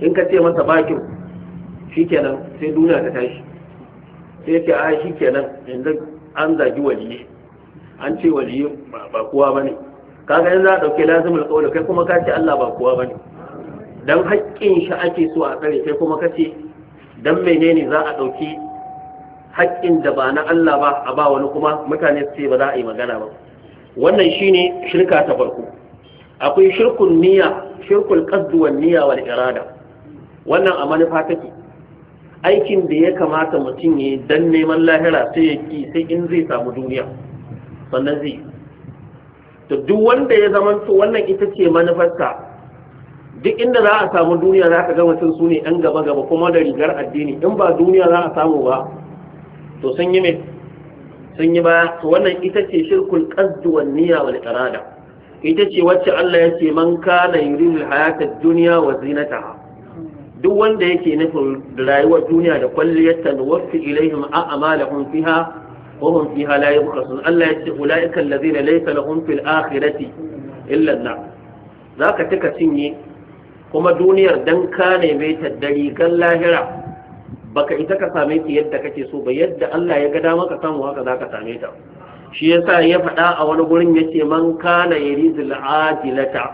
in ka ce masa bakin shikenan sai duniya ta tashi sai ce a shikenan yanzu an zagi waliyi an ce waliyi ba kowa bane kaga yanzu a ɗauke lazimin kai kuma ka ce Allah ba kowa bane dan haƙƙin shi ake so a tsare kai kuma ka ce dan menene za a ɗauki haƙƙin da ba na Allah ba a ba wani kuma mutane su ce ba za a yi magana ba wannan shine shirka ta farko akwai shirkun niyya shirkul qasd niyya wal irada wannan a manufa take aikin da ya kamata mutum ya dan neman lahira sai ya ki sai in zai samu duniya sannan zai to duk wanda ya zamanto wannan ita ce manufarsa duk inda za a samu duniya za ka ga mutum su ne ɗan gaba gaba kuma da rigar addini in ba duniya za a samu ba to sun yi mai sun yi baya to wannan ita ce shirkul qasd wan niyya wal irada ita ce wacce Allah ya ce man kana yuridu hayatad dunya wa zinataha duk wanda yake nufin rayuwar duniya da kwalliyarta nuwaffi ilaihim a'malahum fiha wa hum fiha la yubqasun Allah ya ce ulaika allazina laysa lahum fil akhirati illa an-nar zaka tuka cinye kuma duniyar dan ka neme ta dari kan lahira baka ita ka same ta yadda kake so ba yadda Allah ya ga dama ka samu haka zaka same ta shi yasa ya faɗa a wani gurin yace man kana yuridul ajilata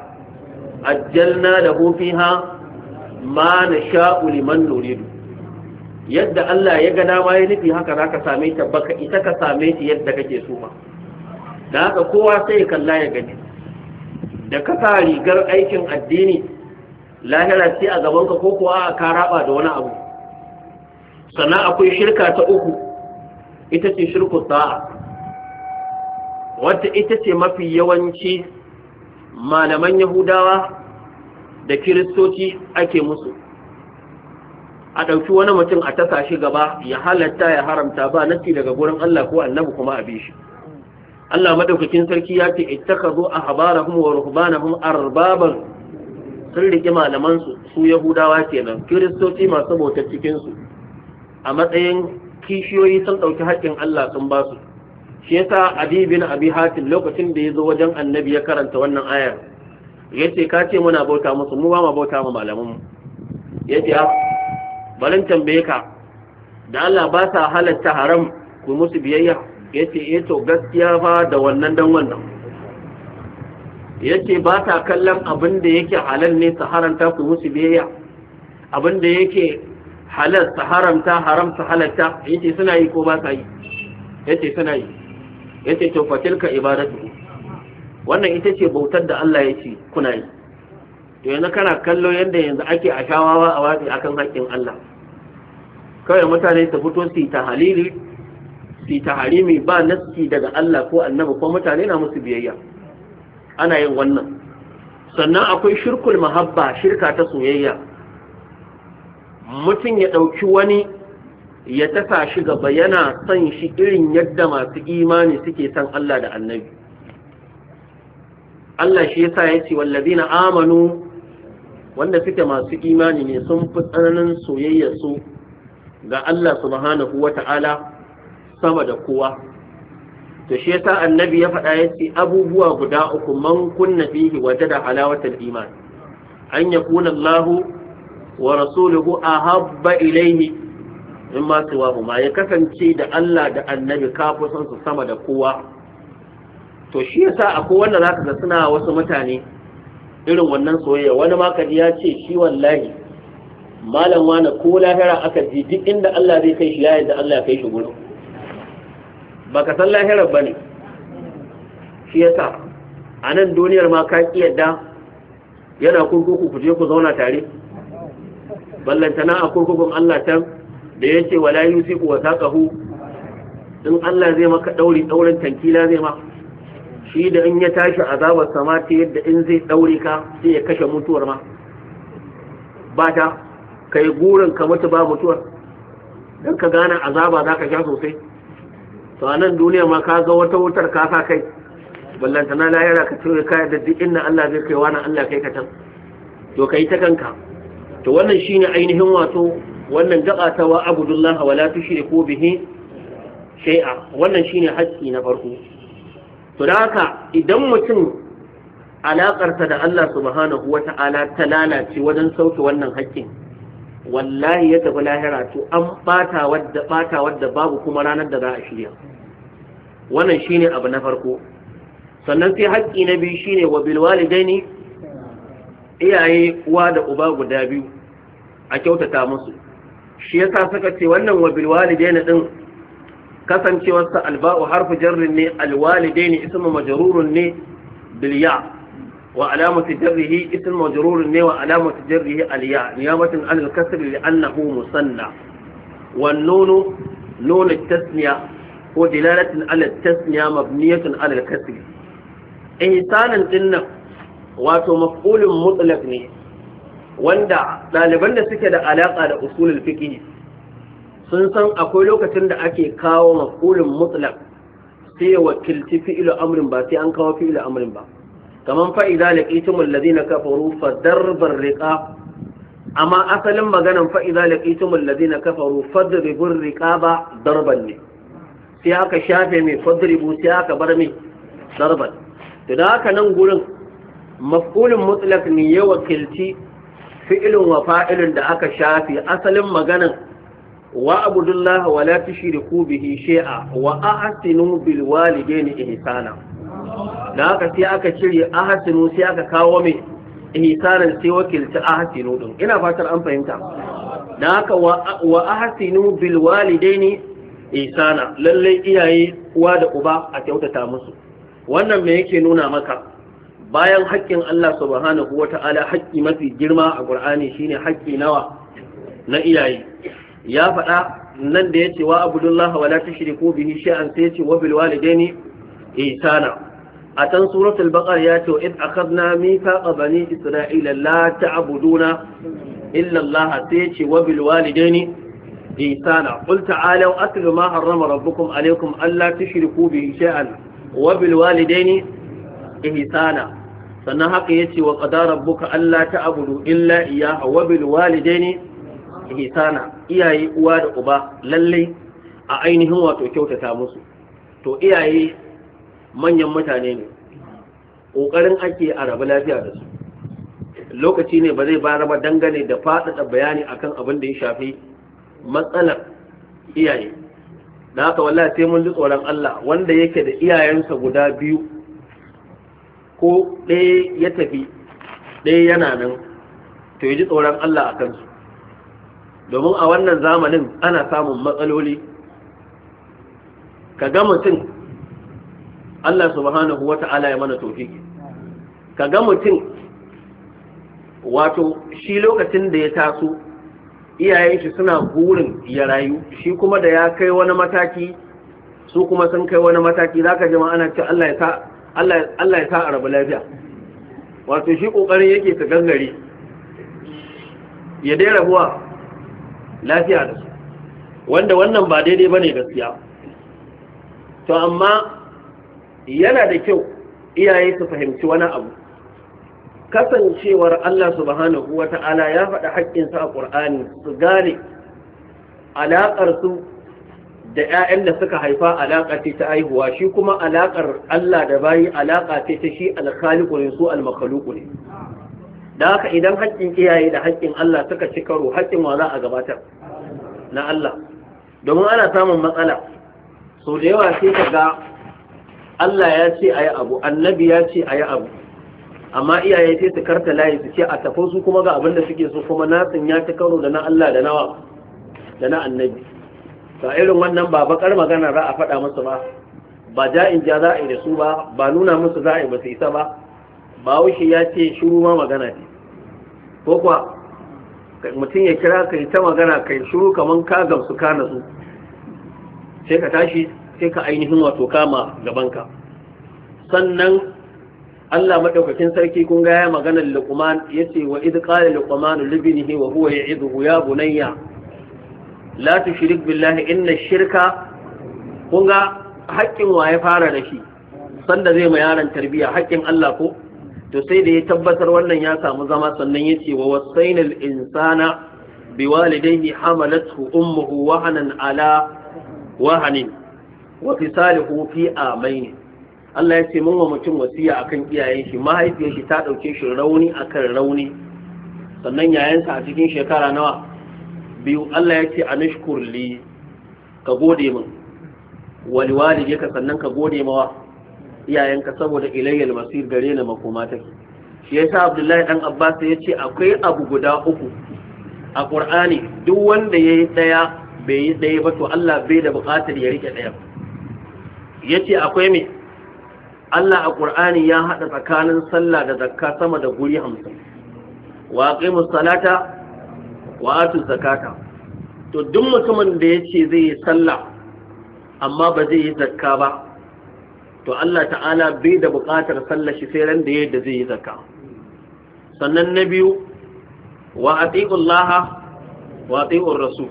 ajjalna lahu fiha ma nasha'u liman nuridu yadda Allah ya ga dama ya nufi haka za ka same ta baka ita ka same ta yadda kake so ba da haka kowa sai ya kalla ya gani da ka rigar aikin addini lahira sai a gabanka ko kuwa a ka raba da wani abu sannan akwai shirka ta uku ita ce shirku sa'a wata ita ce mafi yawanci malaman yahudawa da kiristoci ake musu a ɗauki wani mutum a tasa shi gaba ya halatta ya haramta ba nafi daga gurin Allah ko annabi kuma a shi Allah madaukakin sarki ya ce ittakhadhu ahbarahum wa ruhbanahum arbaban sun riƙi malamansu su yahudawa kenan kiristoci masu bautar cikinsu a matsayin kishiyoyi sun ɗauki haƙƙin Allah sun ba su shi yasa abi bin abi hatim lokacin da ya zo wajen annabi ya karanta wannan ayar ya ce ka ce muna bauta musu mu ba ma bauta ma malamun mu ya ah, barin tambaye ka da Allah ba sa halatta haram ku musu biyayya ya eh to gaskiya fa da wannan dan wannan yake ba ta kallon abin da yake halal ne su haranta ku musu biyayya abin da yake halal su haramta haram su halatta yake suna yi ko ba sa yi yake suna yi yake to fa tilka ibadatu wannan ita ce bautar da Allah yake kuna yi to yanzu kana kallo yadda yanzu ake a shawawa a wadi akan haƙƙin Allah kawai mutane su fito su ta halili su ta harimi ba naski daga Allah ko annabi ko mutane na musu biyayya ana yin wannan sannan akwai shirkul mahabba shirka ta soyayya mutum ya ɗauki wani ya tasa shi gaba yana son shi irin yadda masu imani suke son Allah da annabi Allah shi yasa ya ce na amanu wanda suke masu imani ne sun fi tsananin soyayya su ga Allah subhanahu wata'ala sama da kowa to shi yasa annabi ya faɗa ya ce abubuwa guda uku man kunna fihi wajada halawatul iman an yakuna Allah wa rasuluhu ahabba ilayhi mimma siwahuma ya kasance da Allah da annabi kafu son su sama da kowa to shi yasa akwai wanda zaka ga suna wasu mutane irin wannan soyayya wani ma kaji ya ce shi wallahi malam wani ko lahira aka ji duk inda Allah zai kai shi ya yadda Allah kai shi gurin Ba ka san lahirar ba ne. shi ya sa, a nan duniyar ma ka ƙi yadda yana kurkuku ku je ku zauna tare ballantana a kurkukun Allah can da wa wala yusiku wa saqahu in Allah zai maka ɗauri ɗaurin tankila zai ma shi da in ya tashi azabar sama ta yadda in zai ɗauri ka sai ya kashe mutuwar ma ba ta kai gurin ka mutu ba mutuwar don ka gane azaba za ka sha sosai to a nan duniya ma ka ga wata wutar ka sa kai ballanta na lahira ka cire kaya da duk inda Allah zai kai wani Allah kai ka can to kai ta kanka to wannan shine ainihin wato wannan gaba ta wa abdullah wa la tushriku bihi shay'a wannan shine haƙƙi na farko to da haka idan mutum alaƙarsa da Allah subhanahu wata'ala ta lalace wajen sauke wannan haƙƙin wallahi ya tafi lahira to an bata wadda bata wadda babu kuma ranar da za a shirya wannan shine abu na farko sannan sai haƙƙi na biyu shine wa bil walidaini iyaye uwa da uba guda biyu a kyautata musu shi yasa suka ce wannan wa bil walidaini din kasancewarsa alba'u harfu jarrin ne walidaini ismu majrurun ne bil ya وعلامة جره اسم مجرور ني وعلامة جره الياء نيابة عن الكسر لأنه مصنع والنون نون التسمية ودلالة على التسمية مبنية على الكسر إنسانا إن واتو مفعول مطلق ني wanda ɗaliban da suke da alaƙa da usulul fiqh sun san akwai lokacin da ake kawo maf'ulun mutlaq sai wakilci fi'lu amrin ba sai an kawo fi'lu amrin ba kaman fa idza laqitumul na kafa fa darbar riƙa, amma asalin maganan fa na kafa ladina kafaru riƙa ba darban ne sai aka shafe mai fadribu sai aka bar mai darban to da haka nan gurin maf'ulun mutlaq ne ya wakilci fi'ilin wa fa'ilin da aka shafe asalin maganan wa abudullahi wa la tushriku bihi shay'a wa ahsinu bil walidaini ihsana da aka sai aka cire ahasinu sai aka kawo mai ihsanan sai wakilci ahasinu din ina fatar an fahimta da aka wa ahasinu bil walidaini ihsana lalle iyaye uwa da uba a kyautata musu wannan me yake nuna maka bayan haƙƙin Allah subhanahu wata'ala haƙƙi mafi girma a Qur'ani shine haƙƙi nawa na iyaye ya faɗa nan da yace wa abudullahi wala tushriku bihi shay'an sai yace wa bil walidaini ihsana a can suratul baqar ya ce id akhadna mithaqa bani isra'ila la ta'buduna illa Allah sai ce wa bil walidaini ihsana qul ta'alu atlu ma harrama rabbukum alaykum alla tushriku bihi shay'an wa bil walidaini ihsana sannan haka yace wa qada rabbuka alla ta'budu illa iyyahu wa bil walidaini ihsana iyaye uwa da uba lalle a ainihin wato kyautata musu to iyaye manyan mutane ne ƙoƙarin ake a rabu lafiya da su lokaci ne ba zai ba raba dangane da faɗaɗa bayani akan abin da ya shafi matsalar iyaye da haka wallahi sai mun ji tsoron Allah wanda yake da iyayensa guda biyu ko ɗaya ya tafi ɗaya yana nan to ya ji tsoron Allah a kansu domin a wannan zamanin ana samun matsaloli ka ga mutum Allah subhanahu wata'ala ya mana tofiki ka ga mutum wato shi lokacin da ya taso iyayen shi suna gurin ya rayu shi kuma da ya kai wani mataki su kuma sun kai wani mataki zaka ji ma ana ce Allah ya sa Allah a rabu lafiya wato shi kokarin yake ta gangare ya dai rabuwa lafiya da su wanda wannan ba daidai bane gaskiya to amma yana da kyau iyaye su fahimci wani abu kasancewar Allah subhanahu wa ta'ala ya faɗa haƙƙinsa a ƙur'ani su gane alaƙarsu da 'ya'yan da suka haifa alaƙa ce ta aihuwa shi kuma alaƙar Allah da bayi alaƙa ce ta shi alkhaliqu ne su ne da haka idan haƙƙin iyaye da haƙƙin Allah suka ci karo haƙƙin wa za a gabatar na Allah domin ana samun matsala sau da yawa sai ka ga Allah ya ce a yi abu annabi ya ce a yi abu amma iyaye sai su karta layi su ce a tafi su kuma ga abin da suke so kuma nasin ya ta karo da na Allah da nawa da na annabi ba irin wannan ba bakar magana za a faɗa musu ba ba ja'in ja za a yi da su ba ba nuna musu za a yi ba isa ba ba wuce ya ce shuru ma magana ce ko kuwa mutum ya kira ka ta magana kai yi shuru kamar ka gamsu ka nasu sai ka tashi sai ka ainihin wato kama gabanka sannan Allah madaukakin sarki kun ga ya maganar Luqman yace wa id qala Luqman li ibnihi wa huwa ya'idhu ya bunayya la tushrik billahi inna shirka kun ga haƙƙin wa ya fara da shi sanda zai ma yaron tarbiyya haƙƙin Allah ko to sai da ya tabbatar wannan ya samu zama sannan yace wa wasainal insana biwalidayhi hamalathu ummuhu wahanan ala wahanin wa salihu fi amaini Allah ya ce mun wa mutum wasiya akan iyayen shi mahaifiyar shi ta dauke shi rauni akan rauni sannan yayansa a cikin shekara nawa biyu Allah ya ce anashkur li ka gode min wali ka sannan ka gode mawa iyayenka saboda ilayyal masir gare na makoma take shi yasa Abdullahi dan Abbas ya ce akwai abu guda uku a Qur'ani duk wanda yayi daya bai yi daya ba to Allah bai da buƙatar ya rike daya ba Ya ce akwai me Allah a ƙur'ani ya haɗa tsakanin sallah da zakka sama da guri hamsin. wa aqimus salata wa zakata to duk mutumin da ya ce zai yi sallah amma ba zai yi zakka ba to Allah ta'ala bai da buƙatar sallah shi sai ran da yadda zai yi zakka sannan na biyu wa Laha, wa atiqur rasul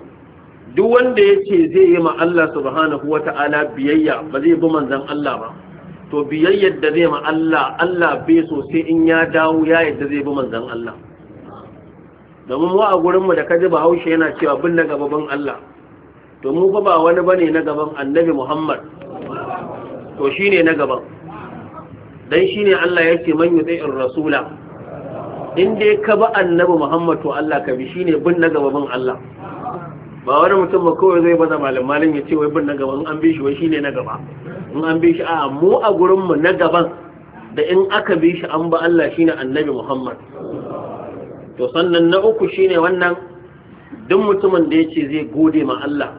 duk wanda ya ce zai yi ma Allah subhanahu wa ta'ala biyayya ba zai bi manzan Allah ba to biyayyar da zai ma Allah Allah bai so sai in ya dawo ya yadda zai bi manzan Allah domin wa a gurinmu da kaji bahaushe yana cewa bin na gababan Allah to mu fa ba wani bane na gaban annabi Muhammad to shine na gaban dan shine Allah yake man yuti'ir rasula in dai ka ba annabi Muhammad to Allah ka bi shine bin na gababan Allah ba wani mutum ba kawai zai baza malam malam ya ce wai bin na gaba an bi shi wai shine na gaba in an bi shi a mu a gurin mu na gaban da in aka bi shi an ba Allah shine annabi Muhammad to sannan na uku shine wannan duk mutumin da yace zai gode ma Allah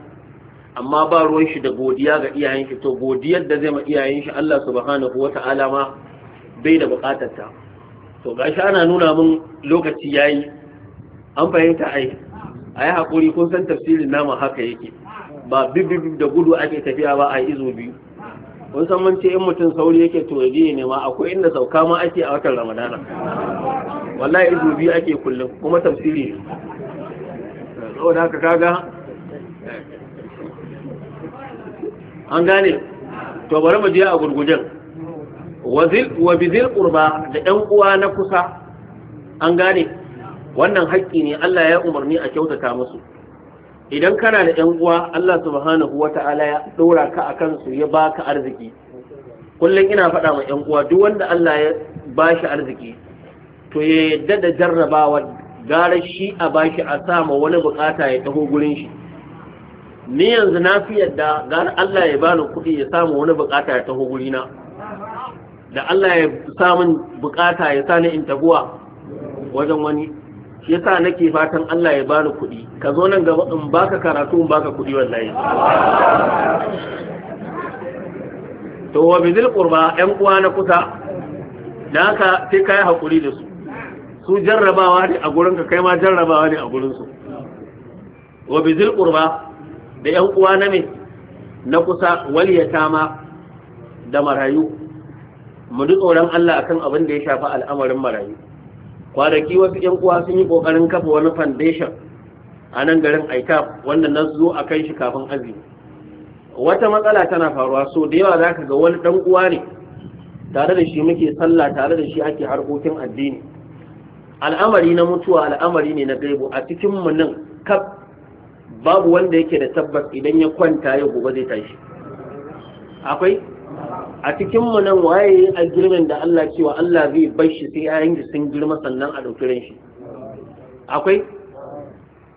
amma ba ruwan shi da godiya ga iyayen shi to godiyar da zai ma iyayen shi Allah subhanahu wata'ala ma bai da bukatar ta to gashi ana nuna min lokaci yayi an fahimta ai a yi haƙuri kun san tafsirin nama haka yake ba bibbi da gudu ake tafiya ba a izo biyu kun san mun ce in mutum sauri yake to ya je nema akwai inda sauka ma ake a watan ramadana wallahi izo biyu ake kullum kuma tafsiri ne saboda haka kaga an gane to bari mu je a gurgujen wa bizil qurba da ɗan uwa na kusa an gane wannan haƙƙi ne Allah ya umarni a kyautata musu idan kana da ƴan uwa Allah subhanahu wata'ala ya ɗora ka akan su ya baka arziki kullum ina faɗa ma ƴan uwa duk wanda Allah ya bashi arziki to ya yadda da jarrabawa gara shi a bashi a sama wani bukata ya taho gurin shi ni yanzu na fi yadda gara Allah ya bani kuɗi ya samu wani bukata ya taho gurina da Allah ya samun bukata ya sani in taguwa wajen wani shi yasa nake fatan Allah ya bani kuɗi ka zo nan gaba in baka karatu in baka kuɗi wallahi to wa bizil qurba yan uwa na kusa dan ka sai kai hakuri da su su jarrabawa ne a gurin ka kai ma jarrabawa ne a gurin su wa bizil qurba da yan uwa na me na kusa wal yatama da marayu mu ji tsoron Allah akan abin da ya shafi al'amarin marayu kwanaki wasu yan uwa sun yi kokarin kafa wani foundation a nan garin aika wanda na zo a kan shi kafin azumi wata matsala tana faruwa so da yawa zaka ga wani dan uwa ne tare da shi muke sallah tare da shi ake harkokin addini al'amari na mutuwa al'amari ne na gaibu a cikin mu nan kaf babu wanda yake da tabbas idan ya kwanta ya gobe zai tashi akwai a cikin mu nan waye a girman da Allah cewa Allah zai bar shi sai yayin yanki sun girma sannan a dauki ran shi akwai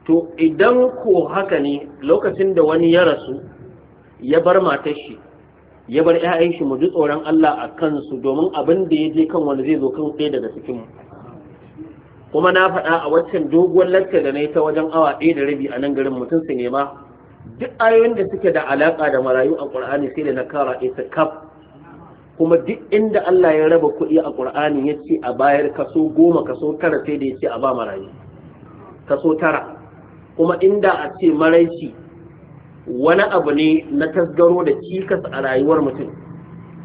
to idan ko haka ne lokacin da wani ya rasu ya bar matar shi ya bar ƴaƴan shi mu ji tsoron Allah a kansu domin abin da ya je kan wani zai zo kan tsaye daga cikin mu kuma na faɗa a waccan doguwar lakka da na yi ta wajen awa ɗaya da rabi a nan garin mutum su nema duk ayoyin da suke da alaƙa da marayu a ƙur'ani sai da na kara isa kaf kuma duk inda Allah ya raba kuɗi a Ƙur'ani, ya ce a bayar kaso goma kaso tara sai da ya ce a ba marayu kaso tara kuma inda a ce maraici wani abu ne na tasgaro da cikas a rayuwar mutum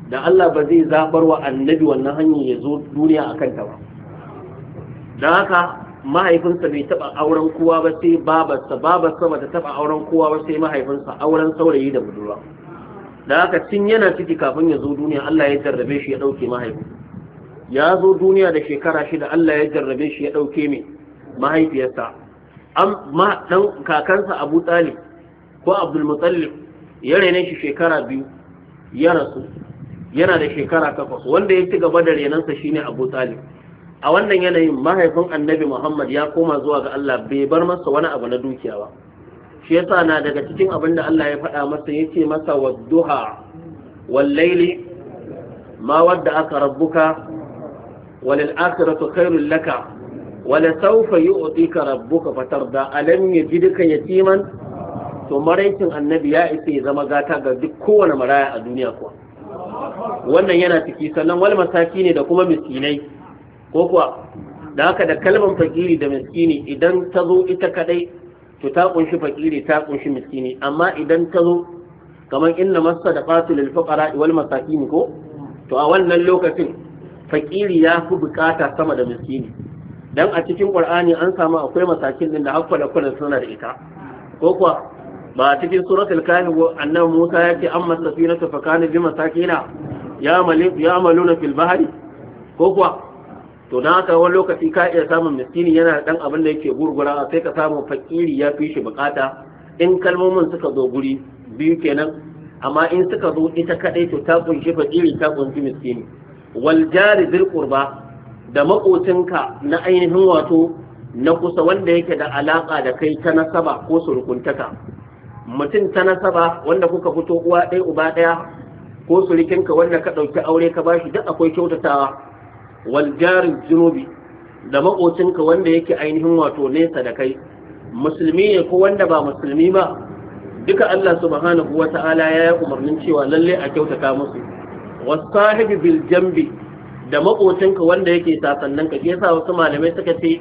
da Allah ba zai zabar wa annabi wannan hanyar ya zo duniya a kanta ba don haka mahaifinsa bai taɓa auren kowa ba sai babarsa babarsa ba ta taɓa auren kowa ba sai mahaifinsa auren saurayi da budurwa da aka tun yana ciki kafin ya zo duniya Allah ya jarrabe shi ya ɗauke mahaifi ya zo duniya da shekara shida Allah ya jarrabe shi ya ɗauke mai mahaifiyarsa ma dan kakansa Abu Talib ko Abdul Muttalib ya rene shi shekara biyu ya rasu yana da shekara takwas wanda ya ci gaba da renansa shine Abu Talib a wannan yanayin mahaifin Annabi Muhammad ya koma zuwa ga Allah bai bar masa wani abu na dukiya ba shi yasa na daga cikin abin da Allah ya faɗa masa ya ce masa duha wallaili ma wadda aka rabbuka walil akhiratu khairul laka wala sawfa yu'tika rabbuka fatarda alam yajidka yatiman to maraikin annabi ya isa ya zama gata ga duk kowane maraya a duniya kuwa wannan yana ciki sannan wal masaki ne da kuma miskinai ko kuwa da haka da kalmar fakiri da miskini idan ta zo ita kadai to ta kunshi fakiri ta kunshi miskini amma idan ta zo kamar inna masa da fasu lil fuqara wal masakin ko to a wannan lokacin fakiri ya fi bukata sama da miskini dan a cikin qur'ani an samu akwai masakin din da hakka da suna da ita ko kuwa ba a cikin suratul kahf annabi Musa ya ce amma safinatu fa kana bi masakina ya ya maluna fil bahri ko kuwa to na haka wani lokaci ka iya samun miskini yana da ɗan abin da yake gurgura sai ka samu fakiri ya fi shi bukata in kalmomin suka zo guri biyu kenan amma in suka zo ita kaɗai to ta kunshi fakiri ta kunshi miskini wal jari zil qurba da makotinka na ainihin wato na kusa wanda yake da alaka da kai ta nasaba ko surukuntaka mutum ta nasaba wanda kuka fito uwa ɗaya uba ɗaya ko surikinka wanda ka ɗauki aure ka bashi duk akwai kyautatawa wal jarin junubi da makocinka wanda yake ainihin wato nesa da kai musulmi ne ko wanda ba musulmi ba duka Allah subhanahu wa ta'ala ya yi umarnin cewa lalle a kyautata musu wasahibi bil jambi da makocinka wanda yake sasannan ka yasa wasu malamai suka ce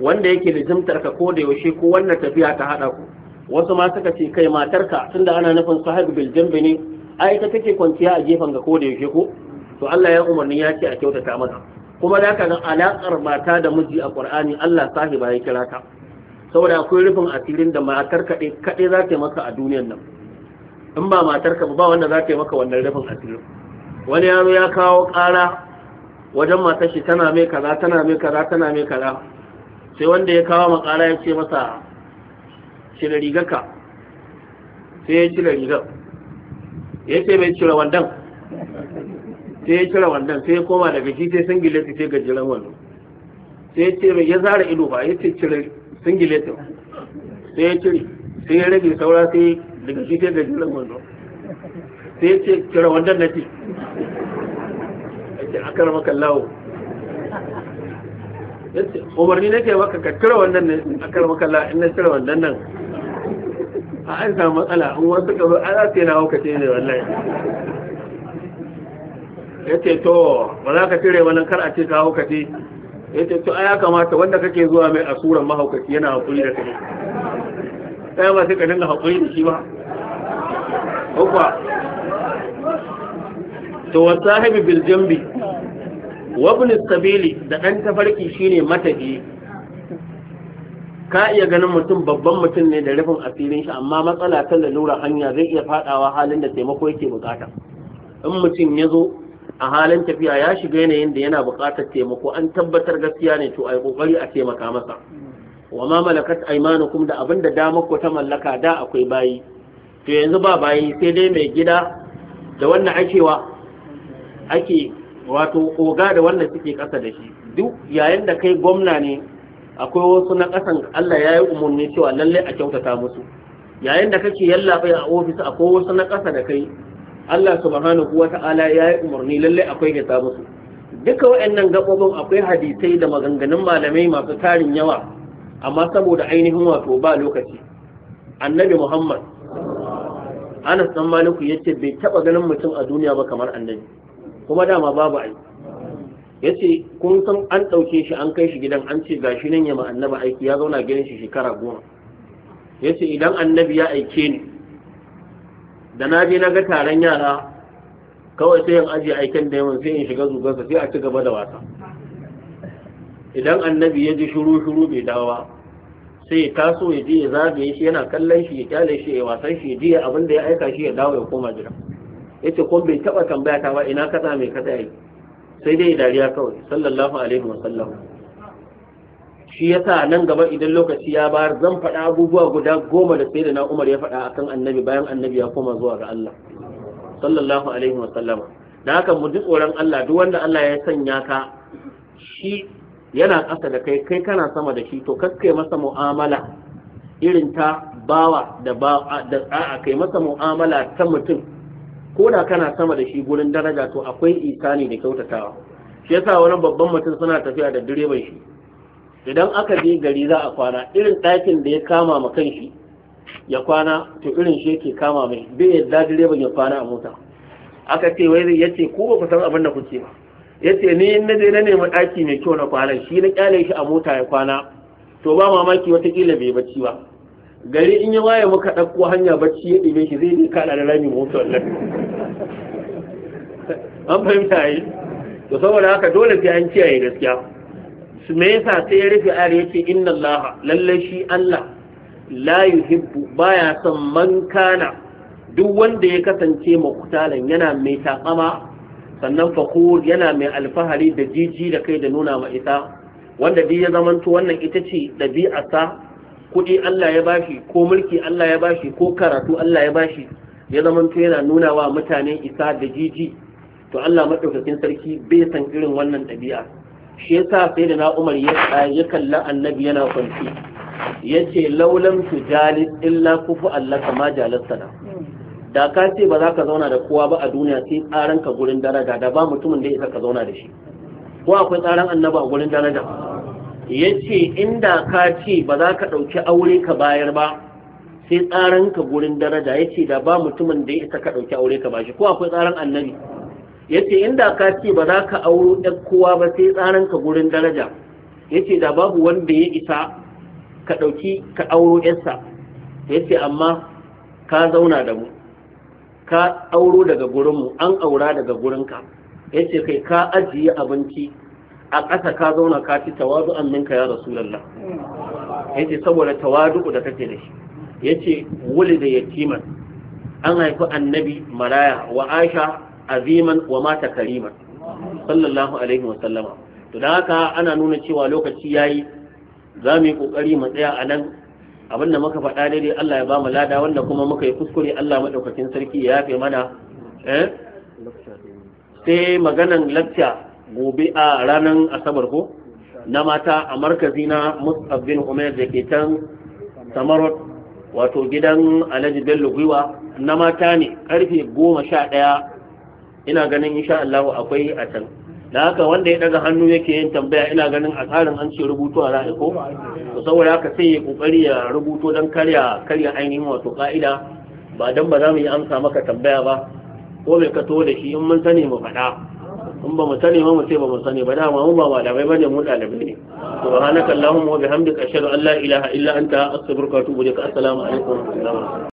wanda yake jimtar ka ko da yaushe ko wannan tafiya ta hada ku wasu ma suka ce kai matarka tunda ana nufin sahibi bil jambi ne ai ta take kwanciya a gefen ga ko da yaushe ko to Allah ya umarni ya ce a kyautata masa kuma da ka ga alaƙar mata da miji a ƙur'ani Allah sahiba ya kira ka saboda akwai rufin asirin da matar kaɗai kaɗai za ta yi maka a duniyar nan in ba matar ka ba wanda za ta yi maka wannan rufin asirin wani yaro ya kawo ƙara wajen matar shi tana mai kaza tana mai kaza tana mai kaza sai wanda ya kawo makara ya ce masa cire rigarka sai ya cire rigar ya ce mai cire wandan sai ya cire wannan sai ya koma daga shi sai singileti sai jiran wannan sai ya cire ya zara ido ba ya ce cire singilet sai ya cire sai ya rage saura sai daga shi sai jiran wannan sai ya ce cire wannan na ce a akar maka lawo umarni nake maka ka cire wannan ne akar maka lawo in na cire wannan nan a an samu matsala in wasu kazo an za su yi na haukace ne wallahi ya ce to ba za ka cire wannan kar a ce ka haukace ya ce to ya kamata wanda kake zuwa mai asuran mahaukaci yana haƙuri da kai ɗaya ba sai ka dinga haƙuri da shi ba hukwa to wa sahibi bil jambi wa ibn sabili da ɗan tafarki shine matafi ka iya ganin mutum babban mutum ne da rufin asirin shi amma matsala ta lalura hanya zai iya fadawa halin da taimako yake bukata in mutum ya zo a halin tafiya ya shiga yanayin da yana buƙatar taimako an tabbatar gaskiya ne to ai kokari a taimaka masa wa ma malakat aymanukum da abinda damar ku ta mallaka da akwai bayi to yanzu ba bayi sai dai mai gida da wannan akewa ake wato oga da wannan suke ƙasa da shi duk yayin da kai gwamna ne akwai wasu na ƙasan Allah ya yi umarni cewa lallai a kyautata musu yayin da kake yallaɓai a ofis akwai wasu na ƙasa da kai Allah subhanahu wa ta'ala ya yi umarni lalle akwai hisabu su duka wayannan gabobin akwai hadisai da maganganun malamai masu tarin yawa amma saboda ainihin wato ba lokaci annabi Muhammad Anas dan Maliku yace bai taba ganin mutum a duniya ba kamar annabi kuma dama babu ai yace kun san an ɗauke shi an kai shi gidan an ce gashi nan ya ma annabi aiki ya zauna gidan shi shekara goma yace idan annabi ya aike ni da na je na ga taron yara kawai sai in ajiye aikin da yawan sai in shiga zugarsa sai a ci gaba da wasa idan annabi ya ji shuru shuru bai dawa sai ya taso ya je ya zagaye shi yana kallon shi ya kyale shi ya wasan shi ya je abin da ya aika shi ya dawo ya koma gida ce ko bai taba tambaya ta ba ina kaza mai kaza yi sai dai dariya kawai sallallahu alaihi wa sallam. shi ya sa nan gaba idan lokaci ya bayar zan faɗa abubuwa guda goma da sai da na umar ya faɗa akan annabi bayan annabi ya koma zuwa ga Allah sallallahu alaihi wasallama da haka mu ji tsoron Allah duk wanda Allah ya sanya ka shi yana ƙasa da kai kai kana sama da shi to kakkai masa mu'amala irin ta bawa da ba a'a kai masa mu'amala ta mutum ko da kana sama da shi gurin daraja to akwai isani da kyautatawa shi yasa wani babban mutum suna tafiya da direban shi idan aka je gari za a kwana irin ɗakin da ya kama ma kanshi ya kwana to irin shi yake kama mai bai yadda direban ya kwana a mota aka ce wai ya ce ko ba san abin da kuke ba ya ce ni na je na nemi ɗaki mai kyau na kwana shi na kyale shi a mota ya kwana to ba mamaki wata kila bai bacci ba gari in ya waye muka ɗauko hanya bacci ya ɗibe shi zai iya kaɗa da rami motar nan an fahimta yi to saboda haka dole sai an kiyaye gaskiya me yasa sai ya rufe ayar yace inna Allah lalle shi Allah la yuhibbu baya son man kana duk wanda ya kasance makutalan yana mai takama sannan fakur yana mai alfahari da jiji da kai da nuna ma ita wanda duk ya zamanto wannan ita ce ta kuɗi Allah ya bashi ko mulki Allah ya bashi ko karatu Allah ya bashi ya zamanto yana nuna wa mutane isa da jiji to Allah maɗaukakin sarki bai san irin wannan ɗabi'a shi ya sa sai da na umar ya tsaye kalla annabi yana kwanci yace laulam jali illa kufu kama jalasta na. da ka ce ba za ka zauna da kowa ba a duniya sai tsaran ka gurin daraja da ba mutumin da ya isa ka zauna da shi ko akwai tsaran annaba a gurin daraja ce inda ka ce ba za ka ɗauki aure ka bayar ba sai tsaran ka gurin daraja ce da ba mutumin da ya isa ka ɗauki aure ka bashi ko akwai tsaran annabi yace inda ka ce ba za ka auro ɗan kowa ba sai ka gurin daraja yace da babu wanda ya isa ka ɗauki ka auro yarsa yace amma ka zauna da mu ka auro daga gurinmu an aura daga gurinka yace kai ka ajiye abinci a ƙasa ka zauna ka ci tawazu an minka ya rasulallah yace saboda tawazu da kake da shi yace wuli da yatiman an haifi annabi maraya wa aisha aziman wa mata kariman sallallahu alaihi wa sallama to dan haka ana nuna cewa lokaci yayi za mu yi kokari mu tsaya a nan abin da muka faɗa daidai Allah ya ba mu lada wanda kuma muka yi kuskure Allah madaukakin sarki ya yafe mana eh sai maganan lacca gobe a ranar asabar ko na mata a markazi na Mus'ab bin Umar da ke can Samarot wato gidan Alhaji Bello Gwiwa na mata ne karfe goma sha ɗaya ina ganin insha Allah akwai a can da haka wanda ya daga hannu yake yin tambaya ina ganin a tsarin an ce rubutu a ra'iko to saboda haka sai ya kokari ya rubuto don karya karya ainihin wato ka'ida ba dan ba za mu yi amsa maka tambaya ba ko bai kato da shi in mun sani mu faɗa in ba mu sani ma mu ce ba mu sani ba dama mu ba malamai bane mu dalibai ne subhanakallahumma wa bihamdika ashhadu an la ilaha illa anta astaghfiruka wa atubu ilaik assalamu alaikum wa rahmatullahi